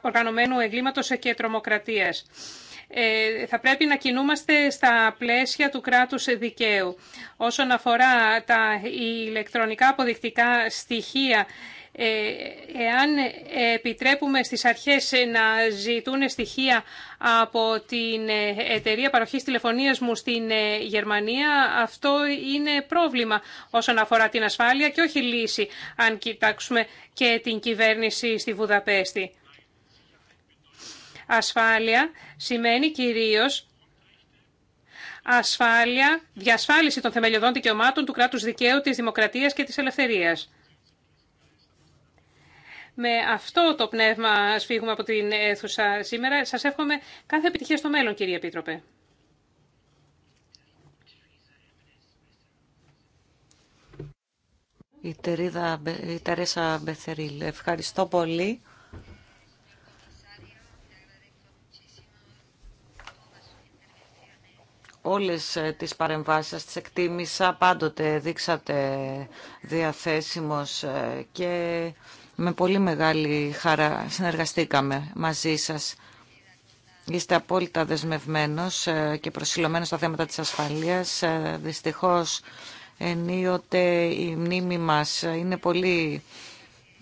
οργανωμένου εγκλήματος και τρομοκρατίας. Θα πρέπει να κινούμαστε στα πλαίσια του κράτους δικαίου. Όσον αφορά τα ηλεκτρονικά αποδεικτικά στοιχεία ε, εάν επιτρέπουμε στις αρχές να ζητούν στοιχεία από την εταιρεία παροχής τηλεφωνίας μου στην ε, Γερμανία, αυτό είναι πρόβλημα όσον αφορά την ασφάλεια και όχι λύση, αν κοιτάξουμε και την κυβέρνηση στη Βουδαπέστη. Ασφάλεια σημαίνει κυρίως ασφάλεια, διασφάλιση των θεμελιωδών δικαιωμάτων του κράτους δικαίου, της δημοκρατίας και της ελευθερίας με αυτό το πνεύμα σφίγουμε από την αίθουσα σήμερα. Σας εύχομαι κάθε επιτυχία στο μέλλον, κύριε Επίτροπε. Η, Τερίδα, η Τερέσα Μπεθερίλ. Ευχαριστώ πολύ. όλες ε, τις παρεμβάσεις σας τις εκτίμησα, πάντοτε δείξατε διαθέσιμος ε, και με πολύ μεγάλη χαρά συνεργαστήκαμε μαζί σας. Είστε απόλυτα δεσμευμένος ε, και προσιλωμένος στα θέματα της ασφαλείας. Ε, δυστυχώς ενίοτε η μνήμη μας είναι πολύ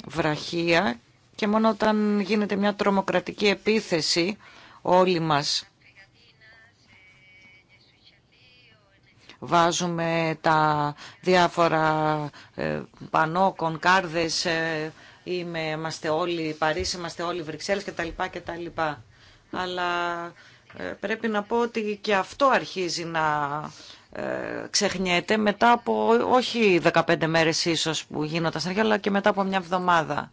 βραχία και μόνο όταν γίνεται μια τρομοκρατική επίθεση όλοι μας βάζουμε τα διάφορα ε, πανό, κονκάρδες, είμαι, είμαστε όλοι Παρίσι, είμαστε όλοι Βρυξέλλες κτλ. κτλ. Αλλά ε, πρέπει να πω ότι και αυτό αρχίζει να ε, ξεχνιέται μετά από όχι 15 μέρες ίσως που γίνονται στην αρχή, αλλά και μετά από μια εβδομάδα.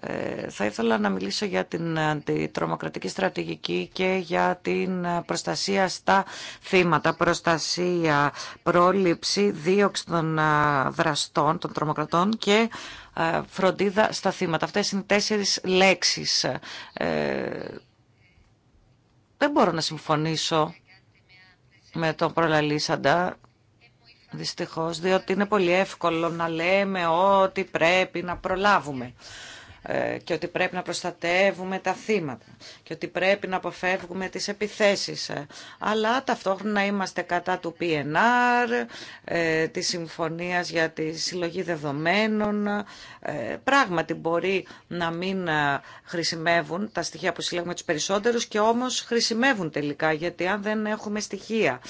Ε, θα ήθελα να μιλήσω για την αντιτρομοκρατική στρατηγική και για την προστασία στα θύματα. Προστασία, πρόληψη, δίωξη των δραστών, των τρομοκρατών και ε, φροντίδα στα θύματα. Αυτές είναι τέσσερις λέξεις. Ε, δεν μπορώ να συμφωνήσω με τον προλαλήσαντα, δυστυχώς, διότι είναι πολύ εύκολο να λέμε ότι πρέπει να προλάβουμε. Ε, και ότι πρέπει να προστατεύουμε τα θύματα και ότι πρέπει να αποφεύγουμε τις επιθέσεις. Ε, αλλά ταυτόχρονα είμαστε κατά του PNR, ε, της Συμφωνίας για τη Συλλογή Δεδομένων. Πράγματι μπορεί να μην χρησιμεύουν τα στοιχεία που συλλέγουμε τους περισσότερους και όμως χρησιμεύουν τελικά γιατί αν δεν έχουμε στοιχεία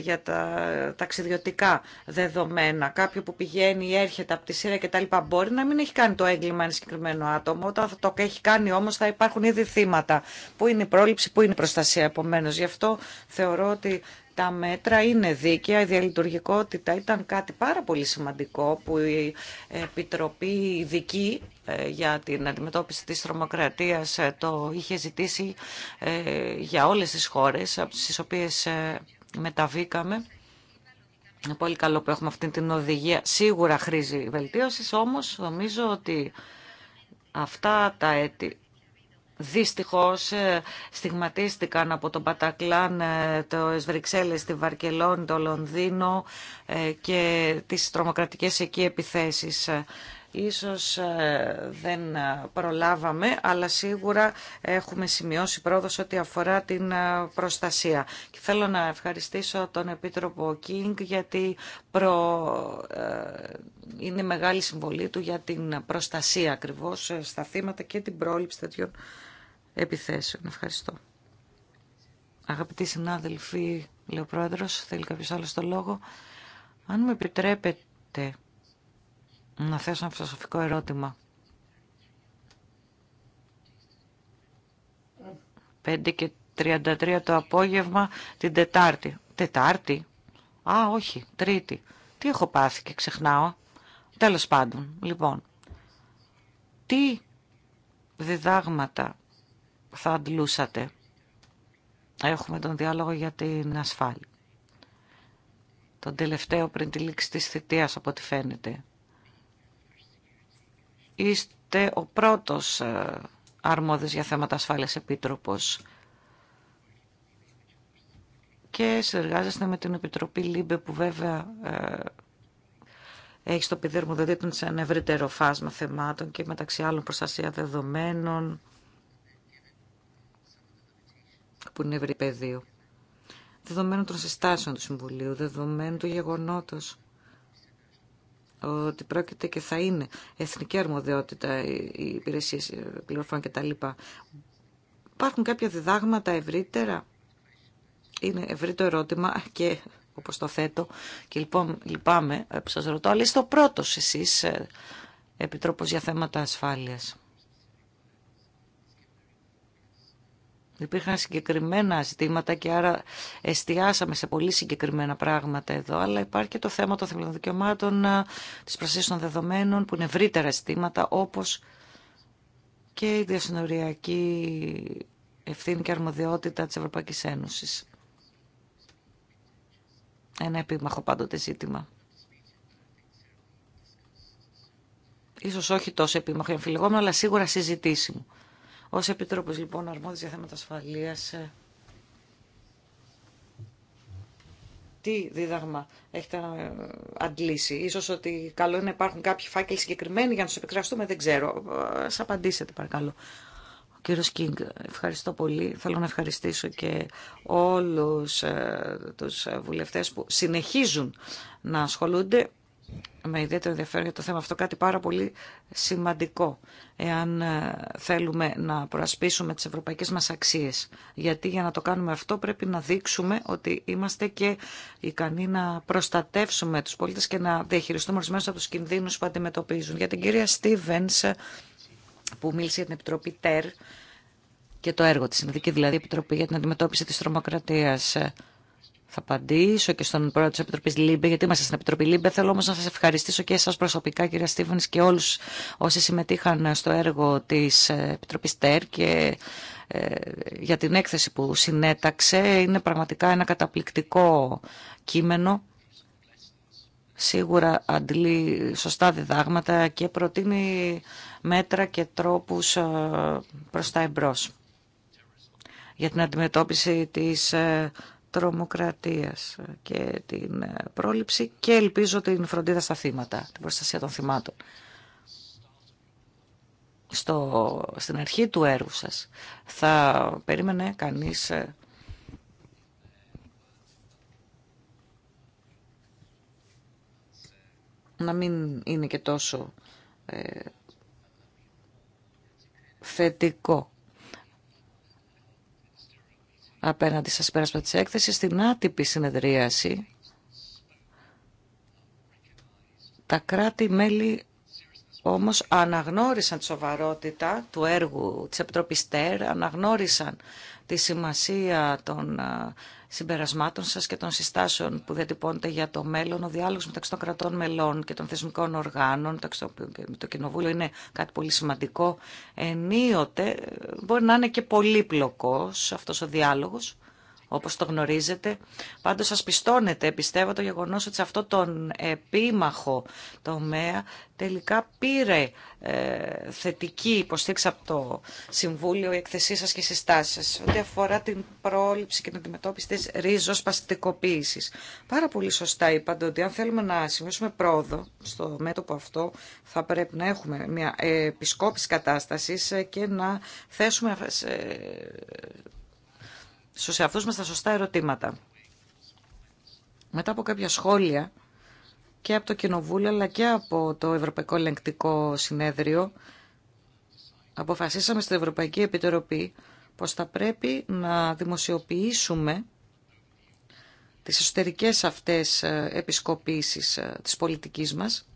για τα ταξιδιωτικά δεδομένα, κάποιο που πηγαίνει ή έρχεται από τη τα κτλ. μπορεί να μην έχει κάνει το έγκλημα εν συγκεκριμένο συγκεκριμένο άτομο. Όταν το έχει κάνει όμω θα υπάρχουν ήδη θύματα. Πού είναι η πρόληψη, πού είναι η προστασία επομένω. Γι' αυτό θεωρώ ότι τα μέτρα είναι δίκαια. Η διαλειτουργικότητα ήταν κάτι πάρα πολύ σημαντικό που η Επιτροπή Ειδική ε, για την αντιμετώπιση της τρομοκρατίας ε, το είχε ζητήσει ε, για όλες τις χώρες από τις οποίες μεταβήκαμε. Είναι πολύ καλό που έχουμε αυτή την οδηγία. Σίγουρα χρήζει βελτίωσης, όμως νομίζω ότι Αυτά τα έτη δυστυχώς ε, στιγματίστηκαν από τον Πατακλάν, ε, το Εσβρυξέλλε, τη Βαρκελόνη, το Λονδίνο ε, και τις τρομοκρατικές εκεί επιθέσεις. Ίσως ε, δεν ε, προλάβαμε, αλλά σίγουρα έχουμε σημειώσει πρόοδος ό,τι αφορά την ε, προστασία. Και θέλω να ευχαριστήσω τον Επίτροπο Κίνγκ γιατί είναι μεγάλη συμβολή του για την προστασία ακριβώς στα θύματα και την πρόληψη τέτοιων επιθέσεων. Ευχαριστώ. Αγαπητοί συνάδελφοι, λέει ο Πρόεδρος, θέλει κάποιος άλλος το λόγο. Αν μου επιτρέπετε, να θέσω ένα φιλοσοφικό ερώτημα. 5 και 33 το απόγευμα την Τετάρτη. Τετάρτη? Α, όχι, Τρίτη. Τι έχω πάθει και ξεχνάω. Τέλος πάντων, λοιπόν. Τι διδάγματα θα αντλούσατε. Έχουμε τον διάλογο για την ασφάλεια. Τον τελευταίο πριν τη λήξη της θητείας από ό,τι φαίνεται. Είστε ο πρώτος ε, αρμόδιος για θέματα ασφάλειας επίτροπος και συνεργάζεστε με την Επιτροπή ΛΥΜΠΕ που βέβαια ε, έχει στο παιδί δηλαδή, τον σε ένα ευρύτερο φάσμα θεμάτων και μεταξύ άλλων προστασία δεδομένων που είναι ευρύ πεδίο. δεδομένων των συστάσεων του Συμβουλίου, δεδομένων του γεγονότος ότι πρόκειται και θα είναι εθνική αρμοδιότητα οι υπηρεσίε τα κτλ. Υπάρχουν κάποια διδάγματα ευρύτερα. Είναι ευρύ το ερώτημα και όπως το θέτω και λοιπόν λυπάμαι που σας ρωτώ, αλλά είστε ο πρώτος εσείς ε, Επιτρόπος για θέματα ασφάλειας. Υπήρχαν συγκεκριμένα ζητήματα και άρα εστιάσαμε σε πολύ συγκεκριμένα πράγματα εδώ, αλλά υπάρχει και το θέμα των θεμελιών δικαιωμάτων, της των δεδομένων, που είναι ευρύτερα ζητήματα, όπως και η διασυνοριακή ευθύνη και αρμοδιότητα της Ευρωπαϊκής Ένωσης. Ένα επίμαχο πάντοτε ζήτημα. Ίσως όχι τόσο επίμαχο εμφυλεγόμενο, αλλά σίγουρα συζητήσιμο. Ως Επίτροπος λοιπόν αρμόδιος για θέματα ασφαλείας, ε, τι δίδαγμα έχετε ε, αντλήσει. Ίσως ότι καλό είναι να υπάρχουν κάποιοι φάκελοι συγκεκριμένοι για να τους επικραστούμε, δεν ξέρω. Σα ε, απαντήσετε παρακαλώ. Ο κύριος Κίνγκ, ευχαριστώ πολύ. Θέλω να ευχαριστήσω και όλους τους βουλευτές που συνεχίζουν να ασχολούνται με ιδιαίτερο ενδιαφέρον για το θέμα αυτό κάτι πάρα πολύ σημαντικό εάν ε, θέλουμε να προασπίσουμε τις ευρωπαϊκές μας αξίες. Γιατί για να το κάνουμε αυτό πρέπει να δείξουμε ότι είμαστε και ικανοί να προστατεύσουμε τους πολίτες και να διαχειριστούμε ορισμένους από τους κινδύνους που αντιμετωπίζουν. Για την κυρία Στίβενς ε, που μίλησε για την Επιτροπή ΤΕΡ και το έργο της, δηλαδή, δηλαδή Επιτροπή για την Αντιμετώπιση της Τρομοκρατίας. Ε, θα απαντήσω και στον πρόεδρο τη Επιτροπή Λίμπε, γιατί είμαστε στην Επιτροπή Λίμπε. Θέλω όμω να σα ευχαριστήσω και εσά προσωπικά, κυρία Στίβενη, και όλου όσοι συμμετείχαν στο έργο τη Επιτροπή ΤΕΡ και ε, για την έκθεση που συνέταξε. Είναι πραγματικά ένα καταπληκτικό κείμενο. Σίγουρα αντλεί σωστά διδάγματα και προτείνει μέτρα και τρόπους ε, προς τα εμπρός για την αντιμετώπιση της ε, τρομοκρατίας και την ε, πρόληψη και ελπίζω την φροντίδα στα θύματα, την προστασία των θυμάτων. Στο, στην αρχή του έργου σας θα περίμενε κανείς ε, να μην είναι και τόσο ε, θετικό απέναντι στα πέρασμα της έκθεσης στην άτυπη συνεδρίαση τα κράτη-μέλη όμως αναγνώρισαν τη σοβαρότητα του έργου της Επιτροπής ΤΕΡ, αναγνώρισαν τη σημασία των συμπερασμάτων σας και των συστάσεων που διατυπώνετε για το μέλλον. Ο διάλογος μεταξύ των κρατών μελών και των θεσμικών οργάνων, το Κοινοβούλιο είναι κάτι πολύ σημαντικό. Ενίοτε ε, μπορεί να είναι και πολύπλοκος αυτός ο διάλογος όπως το γνωρίζετε. Πάντως σας πιστώνετε, πιστεύω το γεγονός ότι σε αυτό τον επίμαχο τομέα τελικά πήρε ε, θετική υποστήριξη από το Συμβούλιο η εκθεσή σας και οι συστάσεις σας, ό,τι αφορά την πρόληψη και την αντιμετώπιση της ρίζος παστικοποίησης. Πάρα πολύ σωστά είπατε ότι αν θέλουμε να σημειώσουμε πρόοδο στο μέτωπο αυτό, θα πρέπει να έχουμε μια επισκόπηση κατάστασης και να θέσουμε ε, στους εαυτούς μας τα σωστά ερωτήματα. Μετά από κάποια σχόλια και από το Κοινοβούλιο αλλά και από το Ευρωπαϊκό Ελεγκτικό Συνέδριο αποφασίσαμε στην Ευρωπαϊκή Επιτροπή πως θα πρέπει να δημοσιοποιήσουμε τις εσωτερικές αυτές ε, επισκοπήσεις ε, της πολιτικής μας.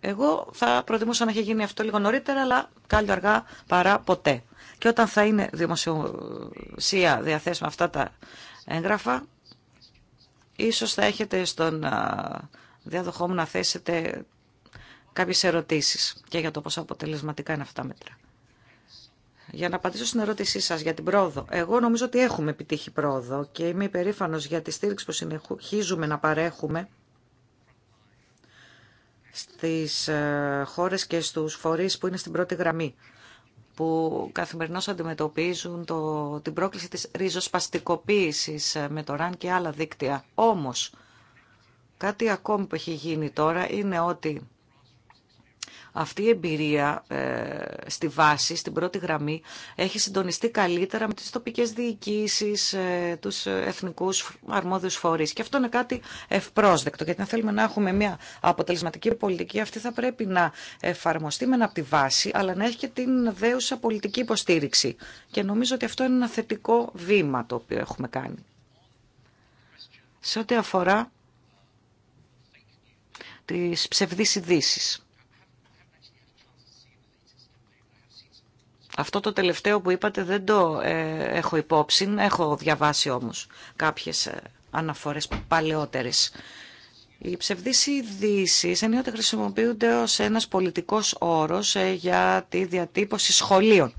Εγώ θα προτιμούσα να είχε γίνει αυτό λίγο νωρίτερα, αλλά καλύτερα αργά παρά ποτέ και όταν θα είναι δημοσιοσία διαθέσιμα αυτά τα έγγραφα, ίσως θα έχετε στον διαδοχό μου να θέσετε κάποιες ερωτήσεις και για το πόσο αποτελεσματικά είναι αυτά τα μέτρα. Για να απαντήσω στην ερώτησή σα για την πρόοδο. Εγώ νομίζω ότι έχουμε επιτύχει πρόοδο και είμαι υπερήφανο για τη στήριξη που συνεχίζουμε να παρέχουμε στι ε, χώρε και στους φορεί που είναι στην πρώτη γραμμή που καθημερινώς αντιμετωπίζουν το, την πρόκληση της ριζοσπαστικοποίησης ε, με το ΡΑΝ και άλλα δίκτυα. Όμως, κάτι ακόμη που έχει γίνει τώρα είναι ότι αυτή η εμπειρία ε, στη βάση, στην πρώτη γραμμή, έχει συντονιστεί καλύτερα με τις τοπικές διοικήσεις, ε, τους εθνικούς αρμόδιους φορείς. Και αυτό είναι κάτι ευπρόσδεκτο, γιατί αν θέλουμε να έχουμε μια αποτελεσματική πολιτική, αυτή θα πρέπει να εφαρμοστεί με από τη βάση, αλλά να έχει και την δέουσα πολιτική υποστήριξη. Και νομίζω ότι αυτό είναι ένα θετικό βήμα το οποίο έχουμε κάνει. Σε ό,τι αφορά τις ψευδείς ειδήσει. Αυτό το τελευταίο που είπατε δεν το ε, έχω υπόψη, έχω διαβάσει όμως κάποιες ε, αναφορές παλαιότερες. Οι ψευδείς ειδήσει ότι χρησιμοποιούνται ως ένας πολιτικός όρος ε, για τη διατύπωση σχολείων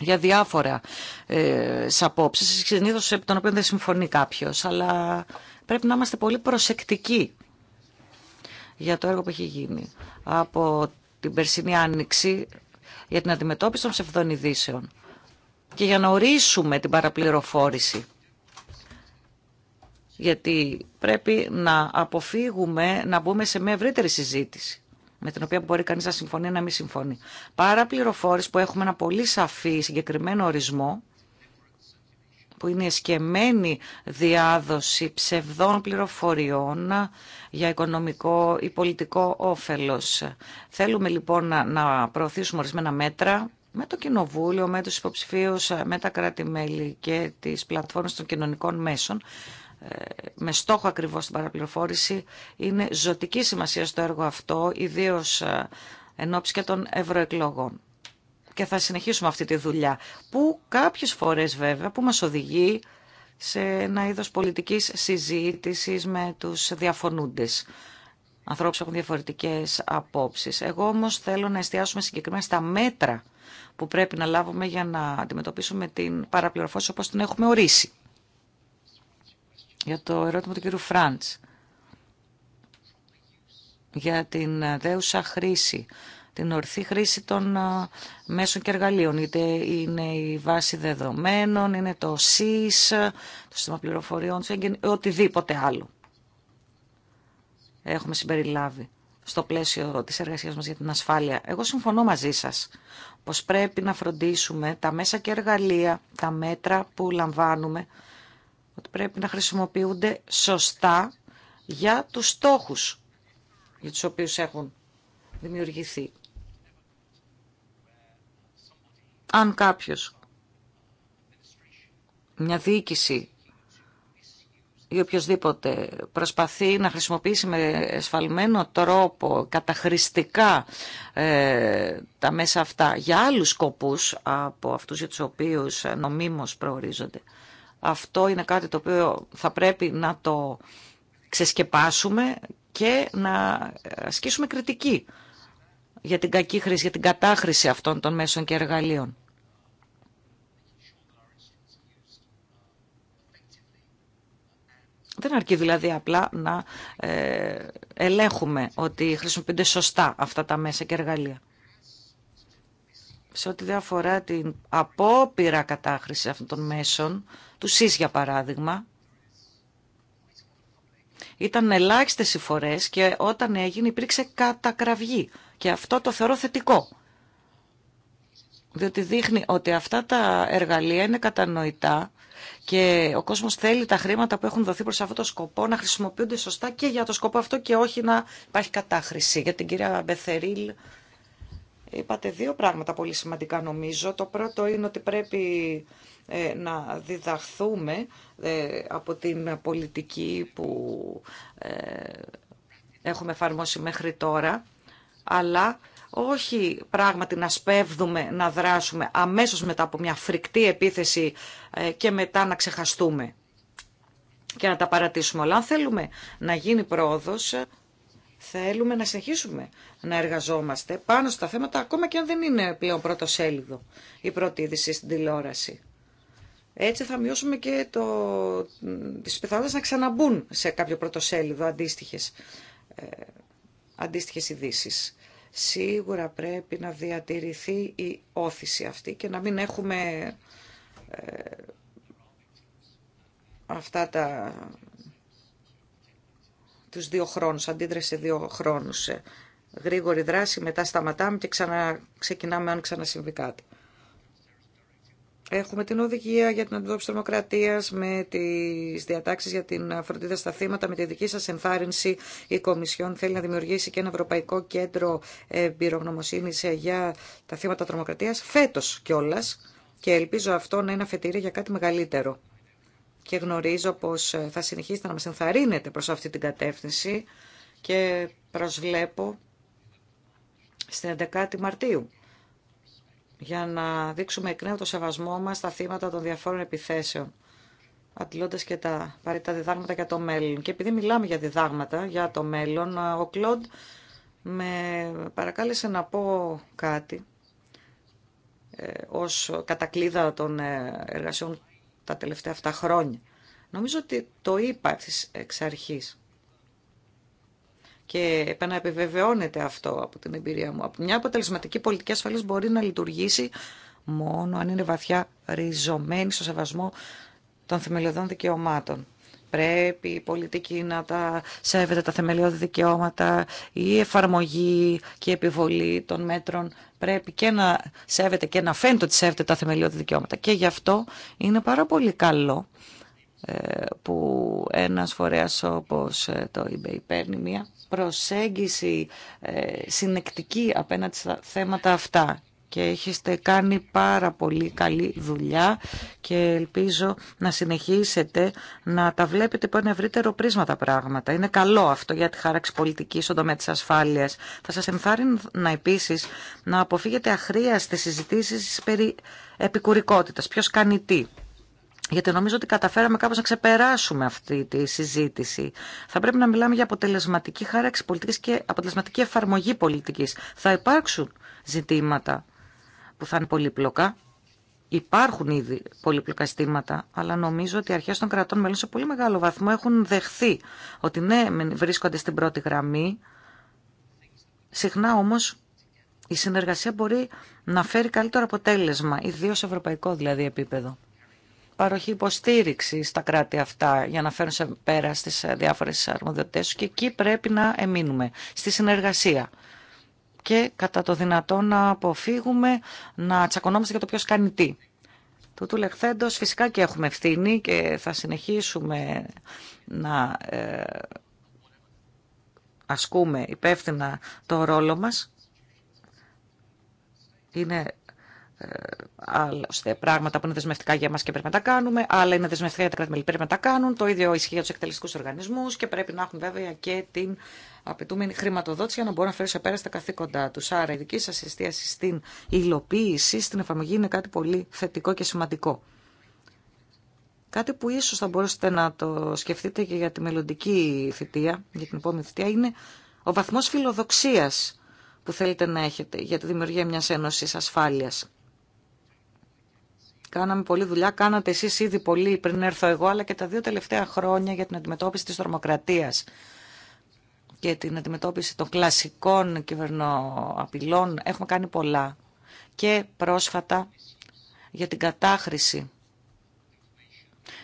για διάφορα ε, απόψεις, συνήθω από τον οποίο δεν συμφωνεί κάποιος, αλλά πρέπει να είμαστε πολύ προσεκτικοί για το έργο που έχει γίνει. Από την περσινή άνοιξη για την αντιμετώπιση των ψευδών ειδήσεων και για να ορίσουμε την παραπληροφόρηση. Γιατί πρέπει να αποφύγουμε να μπούμε σε μια ευρύτερη συζήτηση με την οποία μπορεί κανείς να συμφωνεί ή να μην συμφωνεί. Παραπληροφόρηση που έχουμε ένα πολύ σαφή συγκεκριμένο ορισμό που είναι εσκεμμένη διάδοση ψευδών πληροφοριών για οικονομικό ή πολιτικό όφελος. Θέλουμε λοιπόν να προωθήσουμε ορισμένα μέτρα με το Κοινοβούλιο, με τους υποψηφίους, με τα κράτη-μέλη και τις πλατφόρμες των κοινωνικών μέσων, ε, με στόχο ακριβώς την παραπληροφόρηση, είναι ζωτική σημασία στο έργο αυτό, ιδίως ε, εν ώψη και των ευρωεκλογών και θα συνεχίσουμε αυτή τη δουλειά που κάποιες φορές βέβαια που μας οδηγεί σε ένα είδος πολιτικής συζήτησης με τους διαφωνούντες. Ανθρώπους έχουν διαφορετικές απόψεις. Εγώ όμως θέλω να εστιάσουμε συγκεκριμένα στα μέτρα που πρέπει να λάβουμε για να αντιμετωπίσουμε την παραπληροφόρηση όπως την έχουμε ορίσει. Για το ερώτημα του κύριου Φραντς για την δέουσα χρήση την ορθή χρήση των μέσων και εργαλείων. Είτε είναι η βάση δεδομένων, είναι το ΣΥΣ, το σύστημα πληροφοριών, οτιδήποτε άλλο έχουμε συμπεριλάβει στο πλαίσιο της εργασίας μας για την ασφάλεια. Εγώ συμφωνώ μαζί σας πως πρέπει να φροντίσουμε τα μέσα και εργαλεία, τα μέτρα που λαμβάνουμε, ότι πρέπει να χρησιμοποιούνται σωστά για τους στόχους για τους οποίους έχουν δημιουργηθεί. Αν κάποιος, μια διοίκηση ή οποιοδήποτε προσπαθεί να χρησιμοποιήσει με εσφαλμένο τρόπο καταχρηστικά ε, τα μέσα αυτά για άλλους σκοπούς από αυτούς για τους οποίους νομίμως προορίζονται. Αυτό είναι κάτι το οποίο θα πρέπει να το ξεσκεπάσουμε και να ασκήσουμε κριτική για την κακή χρήση, για την κατάχρηση αυτών των μέσων και εργαλείων. Δεν αρκεί δηλαδή απλά να ε, ελέγχουμε ότι χρησιμοποιούνται σωστά αυτά τα μέσα και εργαλεία. Σε ό,τι διαφορά την απόπειρα κατάχρηση αυτών των μέσων, του ΣΥΣ για παράδειγμα, ήταν ελάχιστε οι φορές και όταν έγινε υπήρξε κατακραυγή. Και αυτό το θεωρώ θετικό. Διότι δείχνει ότι αυτά τα εργαλεία είναι κατανοητά και ο κόσμο θέλει τα χρήματα που έχουν δοθεί προ αυτό το σκοπό να χρησιμοποιούνται σωστά και για το σκοπό αυτό και όχι να υπάρχει κατάχρηση. Για την κυρία Μπεθερίλ, είπατε δύο πράγματα πολύ σημαντικά νομίζω. Το πρώτο είναι ότι πρέπει ε, να διδαχθούμε ε, από την πολιτική που ε, έχουμε εφαρμόσει μέχρι τώρα, αλλά όχι πράγματι να σπέβδουμε, να δράσουμε αμέσως μετά από μια φρικτή επίθεση ε, και μετά να ξεχαστούμε και να τα παρατήσουμε όλα. Αν θέλουμε να γίνει πρόοδος, ε, θέλουμε να συνεχίσουμε να εργαζόμαστε πάνω στα θέματα, ακόμα και αν δεν είναι πλέον πρώτο σέλιδο η πρώτη είδηση στην τηλεόραση. Έτσι θα μειώσουμε και το... τις πιθανότητες να ξαναμπούν σε κάποιο πρωτοσέλιδο αντίστοιχες, ε, αντίστοιχες ειδήσει σίγουρα πρέπει να διατηρηθεί η όθηση αυτή και να μην έχουμε ε, αυτά τα τους δύο χρόνους, αντίδραση σε δύο χρόνους. Γρήγορη δράση, μετά σταματάμε και ξεκινάμε αν ξανασυμβεί κάτι. Έχουμε την οδηγία για την αντιμετώπιση τρομοκρατία, με τι διατάξει για την φροντίδα στα θύματα. Με τη δική σα ενθάρρυνση, η Κομισιόν θέλει να δημιουργήσει και ένα Ευρωπαϊκό Κέντρο Εμπειρογνωμοσύνη ε, για τα θύματα τρομοκρατία, φέτο κιόλα. Και ελπίζω αυτό να είναι αφετηρία για κάτι μεγαλύτερο. Και γνωρίζω πω ε, θα συνεχίσετε να μα ενθαρρύνετε προ αυτή την κατεύθυνση και προσβλέπω στην 11η Μαρτίου για να δείξουμε εκ νέου το σεβασμό μας στα θύματα των διαφόρων επιθέσεων, αντιλώντας και τα απαραίτητα διδάγματα για το μέλλον. Και επειδή μιλάμε για διδάγματα, για το μέλλον, ο Κλοντ με παρακάλεσε να πω κάτι ε, ως κατακλίδα των ε, εργασιών τα τελευταία αυτά χρόνια. Νομίζω ότι το είπα εξ αρχής και επαναεπιβεβαιώνεται αυτό από την εμπειρία μου. Μια αποτελεσματική πολιτική ασφαλής μπορεί να λειτουργήσει μόνο αν είναι βαθιά ριζωμένη στο σεβασμό των θεμελιωδών δικαιωμάτων. Πρέπει η πολιτική να τα σέβεται τα θεμελιώδη δικαιώματα, η εφαρμογή και η επιβολή των μέτρων πρέπει και να σέβεται και να φαίνεται ότι σέβεται τα θεμελιώδη δικαιώματα. Και γι' αυτό είναι πάρα πολύ καλό ε, που ένας φορέας όπως ε, το eBay παίρνει μια προσέγγιση ε, συνεκτική απέναντι στα θέματα αυτά και έχετε κάνει πάρα πολύ καλή δουλειά και ελπίζω να συνεχίσετε να τα βλέπετε από ένα ευρύτερο πρίσμα τα πράγματα. Είναι καλό αυτό για τη χάραξη πολιτική στον τομέα τη ασφάλεια. Θα σα να επίση να αποφύγετε αχρίαστε συζητήσει περί επικουρικότητα. Ποιο κάνει τι γιατί νομίζω ότι καταφέραμε κάπως να ξεπεράσουμε αυτή τη συζήτηση. Θα πρέπει να μιλάμε για αποτελεσματική χάραξη πολιτικής και αποτελεσματική εφαρμογή πολιτικής. Θα υπάρξουν ζητήματα που θα είναι πολύπλοκα. Υπάρχουν ήδη πολύπλοκα ζητήματα, αλλά νομίζω ότι οι αρχές των κρατών μελών σε πολύ μεγάλο βαθμό έχουν δεχθεί ότι ναι, βρίσκονται στην πρώτη γραμμή. Συχνά όμως η συνεργασία μπορεί να φέρει καλύτερο αποτέλεσμα, ιδίως σε ευρωπαϊκό δηλαδή επίπεδο παροχή υποστήριξη στα κράτη αυτά για να φέρουν σε πέρα στις διάφορες αρμοδιότητες και εκεί πρέπει να εμείνουμε στη συνεργασία και κατά το δυνατό να αποφύγουμε να τσακωνόμαστε για το ποιο κάνει τι. του λεχθέντος φυσικά και έχουμε ευθύνη και θα συνεχίσουμε να ε, ασκούμε υπεύθυνα το ρόλο μας. Είναι άλλωστε πράγματα που είναι δεσμευτικά για εμά και πρέπει να τα κάνουμε, άλλα είναι δεσμευτικά για τα κράτη-μέλη πρέπει να τα κάνουν. Το ίδιο ισχύει για του εκτελεστικού οργανισμού και πρέπει να έχουν βέβαια και την απαιτούμενη χρηματοδότηση για να μπορούν να φέρουν σε πέρα στα καθήκοντά του. Άρα η δική σα εστίαση στην υλοποίηση, στην εφαρμογή είναι κάτι πολύ θετικό και σημαντικό. Κάτι που ίσως θα μπορούσατε να το σκεφτείτε και για τη μελλοντική θητεία, για την επόμενη θητεία, είναι ο βαθμός φιλοδοξίας που θέλετε να έχετε για τη δημιουργία μιας ένωσης ασφάλειας. Κάναμε πολλή δουλειά, κάνατε εσείς ήδη πολύ πριν έρθω εγώ, αλλά και τα δύο τελευταία χρόνια για την αντιμετώπιση της τρομοκρατίας και την αντιμετώπιση των κλασικών κυβερνοαπειλών έχουμε κάνει πολλά. Και πρόσφατα για την κατάχρηση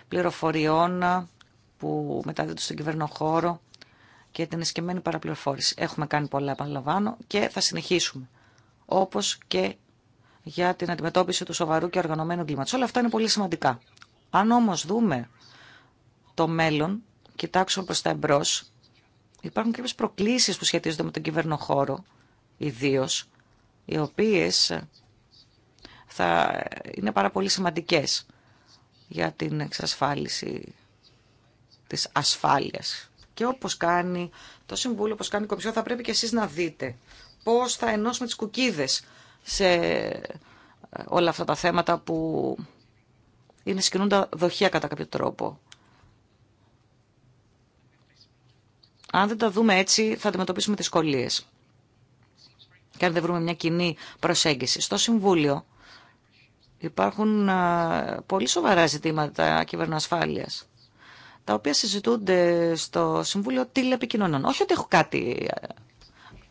πληροφοριών που μεταδίδονται στον κυβερνοχώρο και την εσκεμμένη παραπληροφόρηση. Έχουμε κάνει πολλά, επαναλαμβάνω, και θα συνεχίσουμε. Όπως και για την αντιμετώπιση του σοβαρού και οργανωμένου εγκλήματος. Όλα αυτά είναι πολύ σημαντικά. Αν όμως δούμε το μέλλον, κοιτάξουμε προς τα εμπρός, υπάρχουν κάποιες προκλήσεις που σχετίζονται με τον κυβερνοχώρο, ιδίω, οι οποίες θα είναι πάρα πολύ σημαντικές για την εξασφάλιση της ασφάλειας. Και όπως κάνει το Συμβούλιο, όπως κάνει η Κομισιό, θα πρέπει και εσείς να δείτε πώς θα ενώσουμε τις κουκίδες σε ε, όλα αυτά τα θέματα που είναι συγκινούντα δοχεία κατά κάποιο τρόπο. Αν δεν τα δούμε έτσι θα αντιμετωπίσουμε δυσκολίες. Και αν δεν βρούμε μια κοινή προσέγγιση. Στο Συμβούλιο υπάρχουν ε, πολύ σοβαρά ζητήματα κυβερνοασφάλειας τα οποία συζητούνται στο Συμβούλιο Τηλεπικοινωνών. Όχι ότι έχω κάτι ε,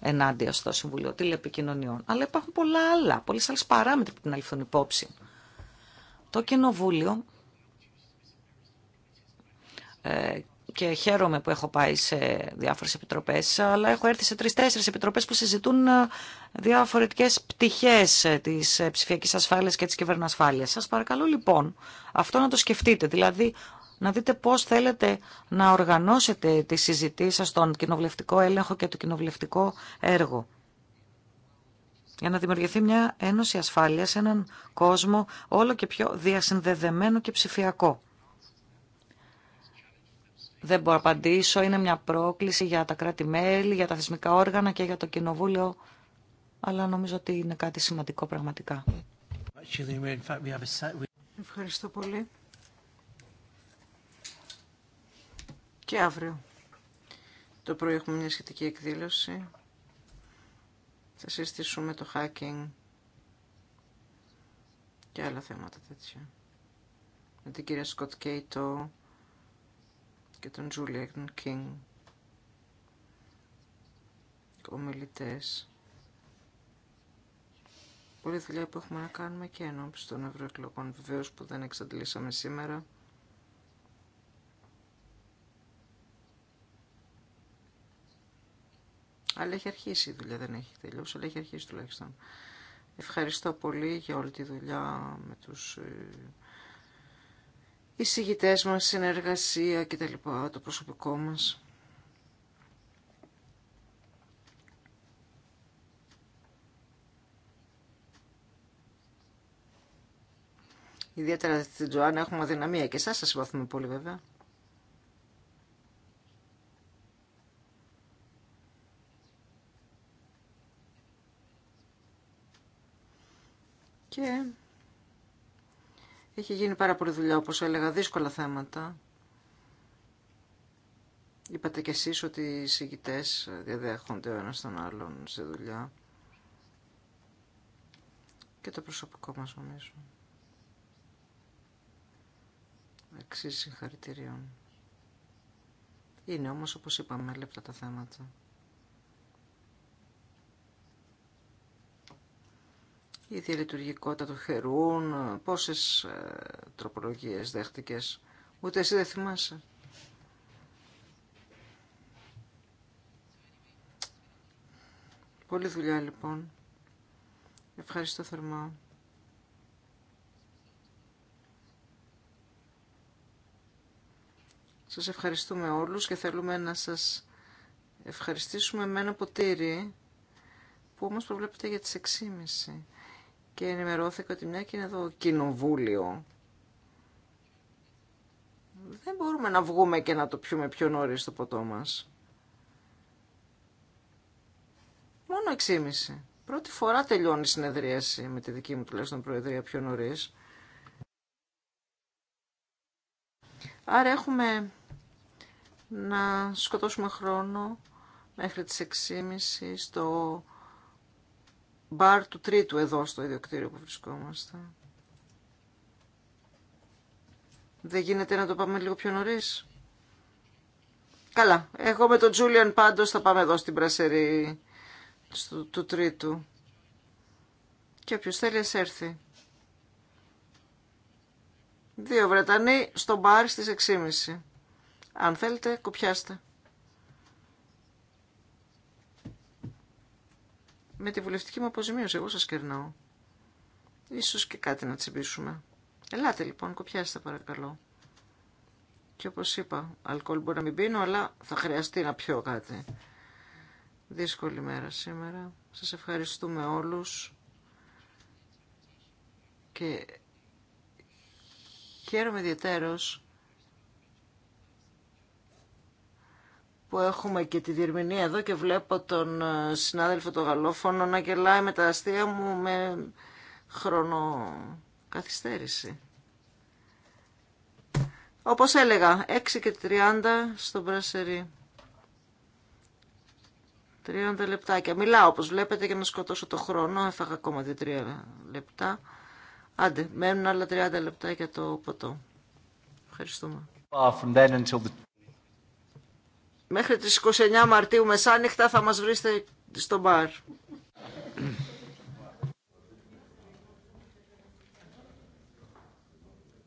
ενάντια στο Συμβουλίο Τηλεπικοινωνιών. Αλλά υπάρχουν πολλά άλλα, πολλέ άλλε παράμετροι που την αληθούν υπόψη. Το Κοινοβούλιο ε, και χαίρομαι που έχω πάει σε διάφορες επιτροπές, αλλά έχω έρθει σε τρεις-τέσσερις επιτροπές που συζητούν ε, διαφορετικές πτυχές ε, της ψηφιακής ασφάλειας και της κυβερνοασφάλειας. Σας παρακαλώ λοιπόν αυτό να το σκεφτείτε, δηλαδή να δείτε πώς θέλετε να οργανώσετε τη συζητή σας στον κοινοβουλευτικό έλεγχο και το κοινοβουλευτικό έργο. Για να δημιουργηθεί μια ένωση ασφάλεια σε έναν κόσμο όλο και πιο διασυνδεδεμένο και ψηφιακό. Δεν μπορώ να απαντήσω, είναι μια πρόκληση για τα κράτη-μέλη, για τα θεσμικά όργανα και για το κοινοβούλιο, αλλά νομίζω ότι είναι κάτι σημαντικό πραγματικά. Ευχαριστώ πολύ. Και αύριο το πρωί έχουμε μια σχετική εκδήλωση. Θα συστήσουμε το hacking και άλλα θέματα τέτοια. Με την κυρία Σκοτ Κέιτο και τον Τζούλιαν Κίνγκ. Ομιλητές. Πολλή δουλειά που έχουμε να κάνουμε και ενώπιση των ευρωεκλογών βεβαίω που δεν εξαντλήσαμε σήμερα. Αλλά έχει αρχίσει η δουλειά, δεν έχει τελειώσει, αλλά έχει αρχίσει τουλάχιστον. Ευχαριστώ πολύ για όλη τη δουλειά με τους ε, εισηγητές μας, συνεργασία και τα λοιπά, το προσωπικό μας. Ιδιαίτερα στην Τζοάννα έχουμε δυναμία και εσάς σας συμπαθούμε πολύ βέβαια. Και έχει γίνει πάρα πολύ δουλειά, όπως έλεγα, δύσκολα θέματα. Είπατε κι εσείς ότι οι συγκητές διαδέχονται ο ένας τον άλλον σε δουλειά. Και το προσωπικό μας νομίζω. Εξής συγχαρητηρίων. Είναι όμως, όπως είπαμε, λεπτά τα θέματα. η διαλειτουργικότητα του χερούν, πόσες ε, τροπολογίες δέχτηκες. Ούτε εσύ δεν θυμάσαι. Πολύ δουλειά λοιπόν. Ευχαριστώ θερμά. Σας ευχαριστούμε όλους και θέλουμε να σας ευχαριστήσουμε με ένα ποτήρι που όμως προβλέπεται για τις 6.30 και ενημερώθηκα ότι μια και είναι εδώ κοινοβούλιο δεν μπορούμε να βγούμε και να το πιούμε πιο νωρίς το ποτό μας. Μόνο 6,5. Πρώτη φορά τελειώνει η συνεδρίαση με τη δική μου τουλάχιστον προεδρία πιο νωρίς. Άρα έχουμε να σκοτώσουμε χρόνο μέχρι τις 6,5 στο μπαρ του τρίτου εδώ στο ίδιο κτίριο που βρισκόμαστε. Δεν γίνεται να το πάμε λίγο πιο νωρίς. Καλά. Εγώ με τον Τζούλιαν πάντως θα πάμε εδώ στην πρασερή του, του τρίτου. Και όποιο θέλει ας έρθει. Δύο Βρετανοί στο μπαρ στις 6.30. Αν θέλετε, κουπιάστε. με τη βουλευτική μου αποζημίωση. Εγώ σας κερνάω. Ίσως και κάτι να τσιμπήσουμε. Ελάτε λοιπόν, κοπιάστε παρακαλώ. Και όπως είπα, αλκοόλ μπορεί να μην πίνω, αλλά θα χρειαστεί να πιω κάτι. Δύσκολη μέρα σήμερα. Σας ευχαριστούμε όλους. Και χαίρομαι ιδιαίτερος που έχουμε και τη διερμηνία εδώ και βλέπω τον ε, συνάδελφο το γαλλόφωνο να γελάει με τα αστεία μου με χρονοκαθυστέρηση. Όπως έλεγα, 6 και 30 στον Πράσερη. 30 λεπτάκια. Μιλάω όπως βλέπετε για να σκοτώσω το χρόνο. Έφαγα ακόμα τη 3 λεπτά. Άντε, μένουν άλλα 30 λεπτά για το ποτό. Ευχαριστούμε. Μέχρι τις 29 Μαρτίου μεσάνυχτα θα μας βρείτε στο μπαρ.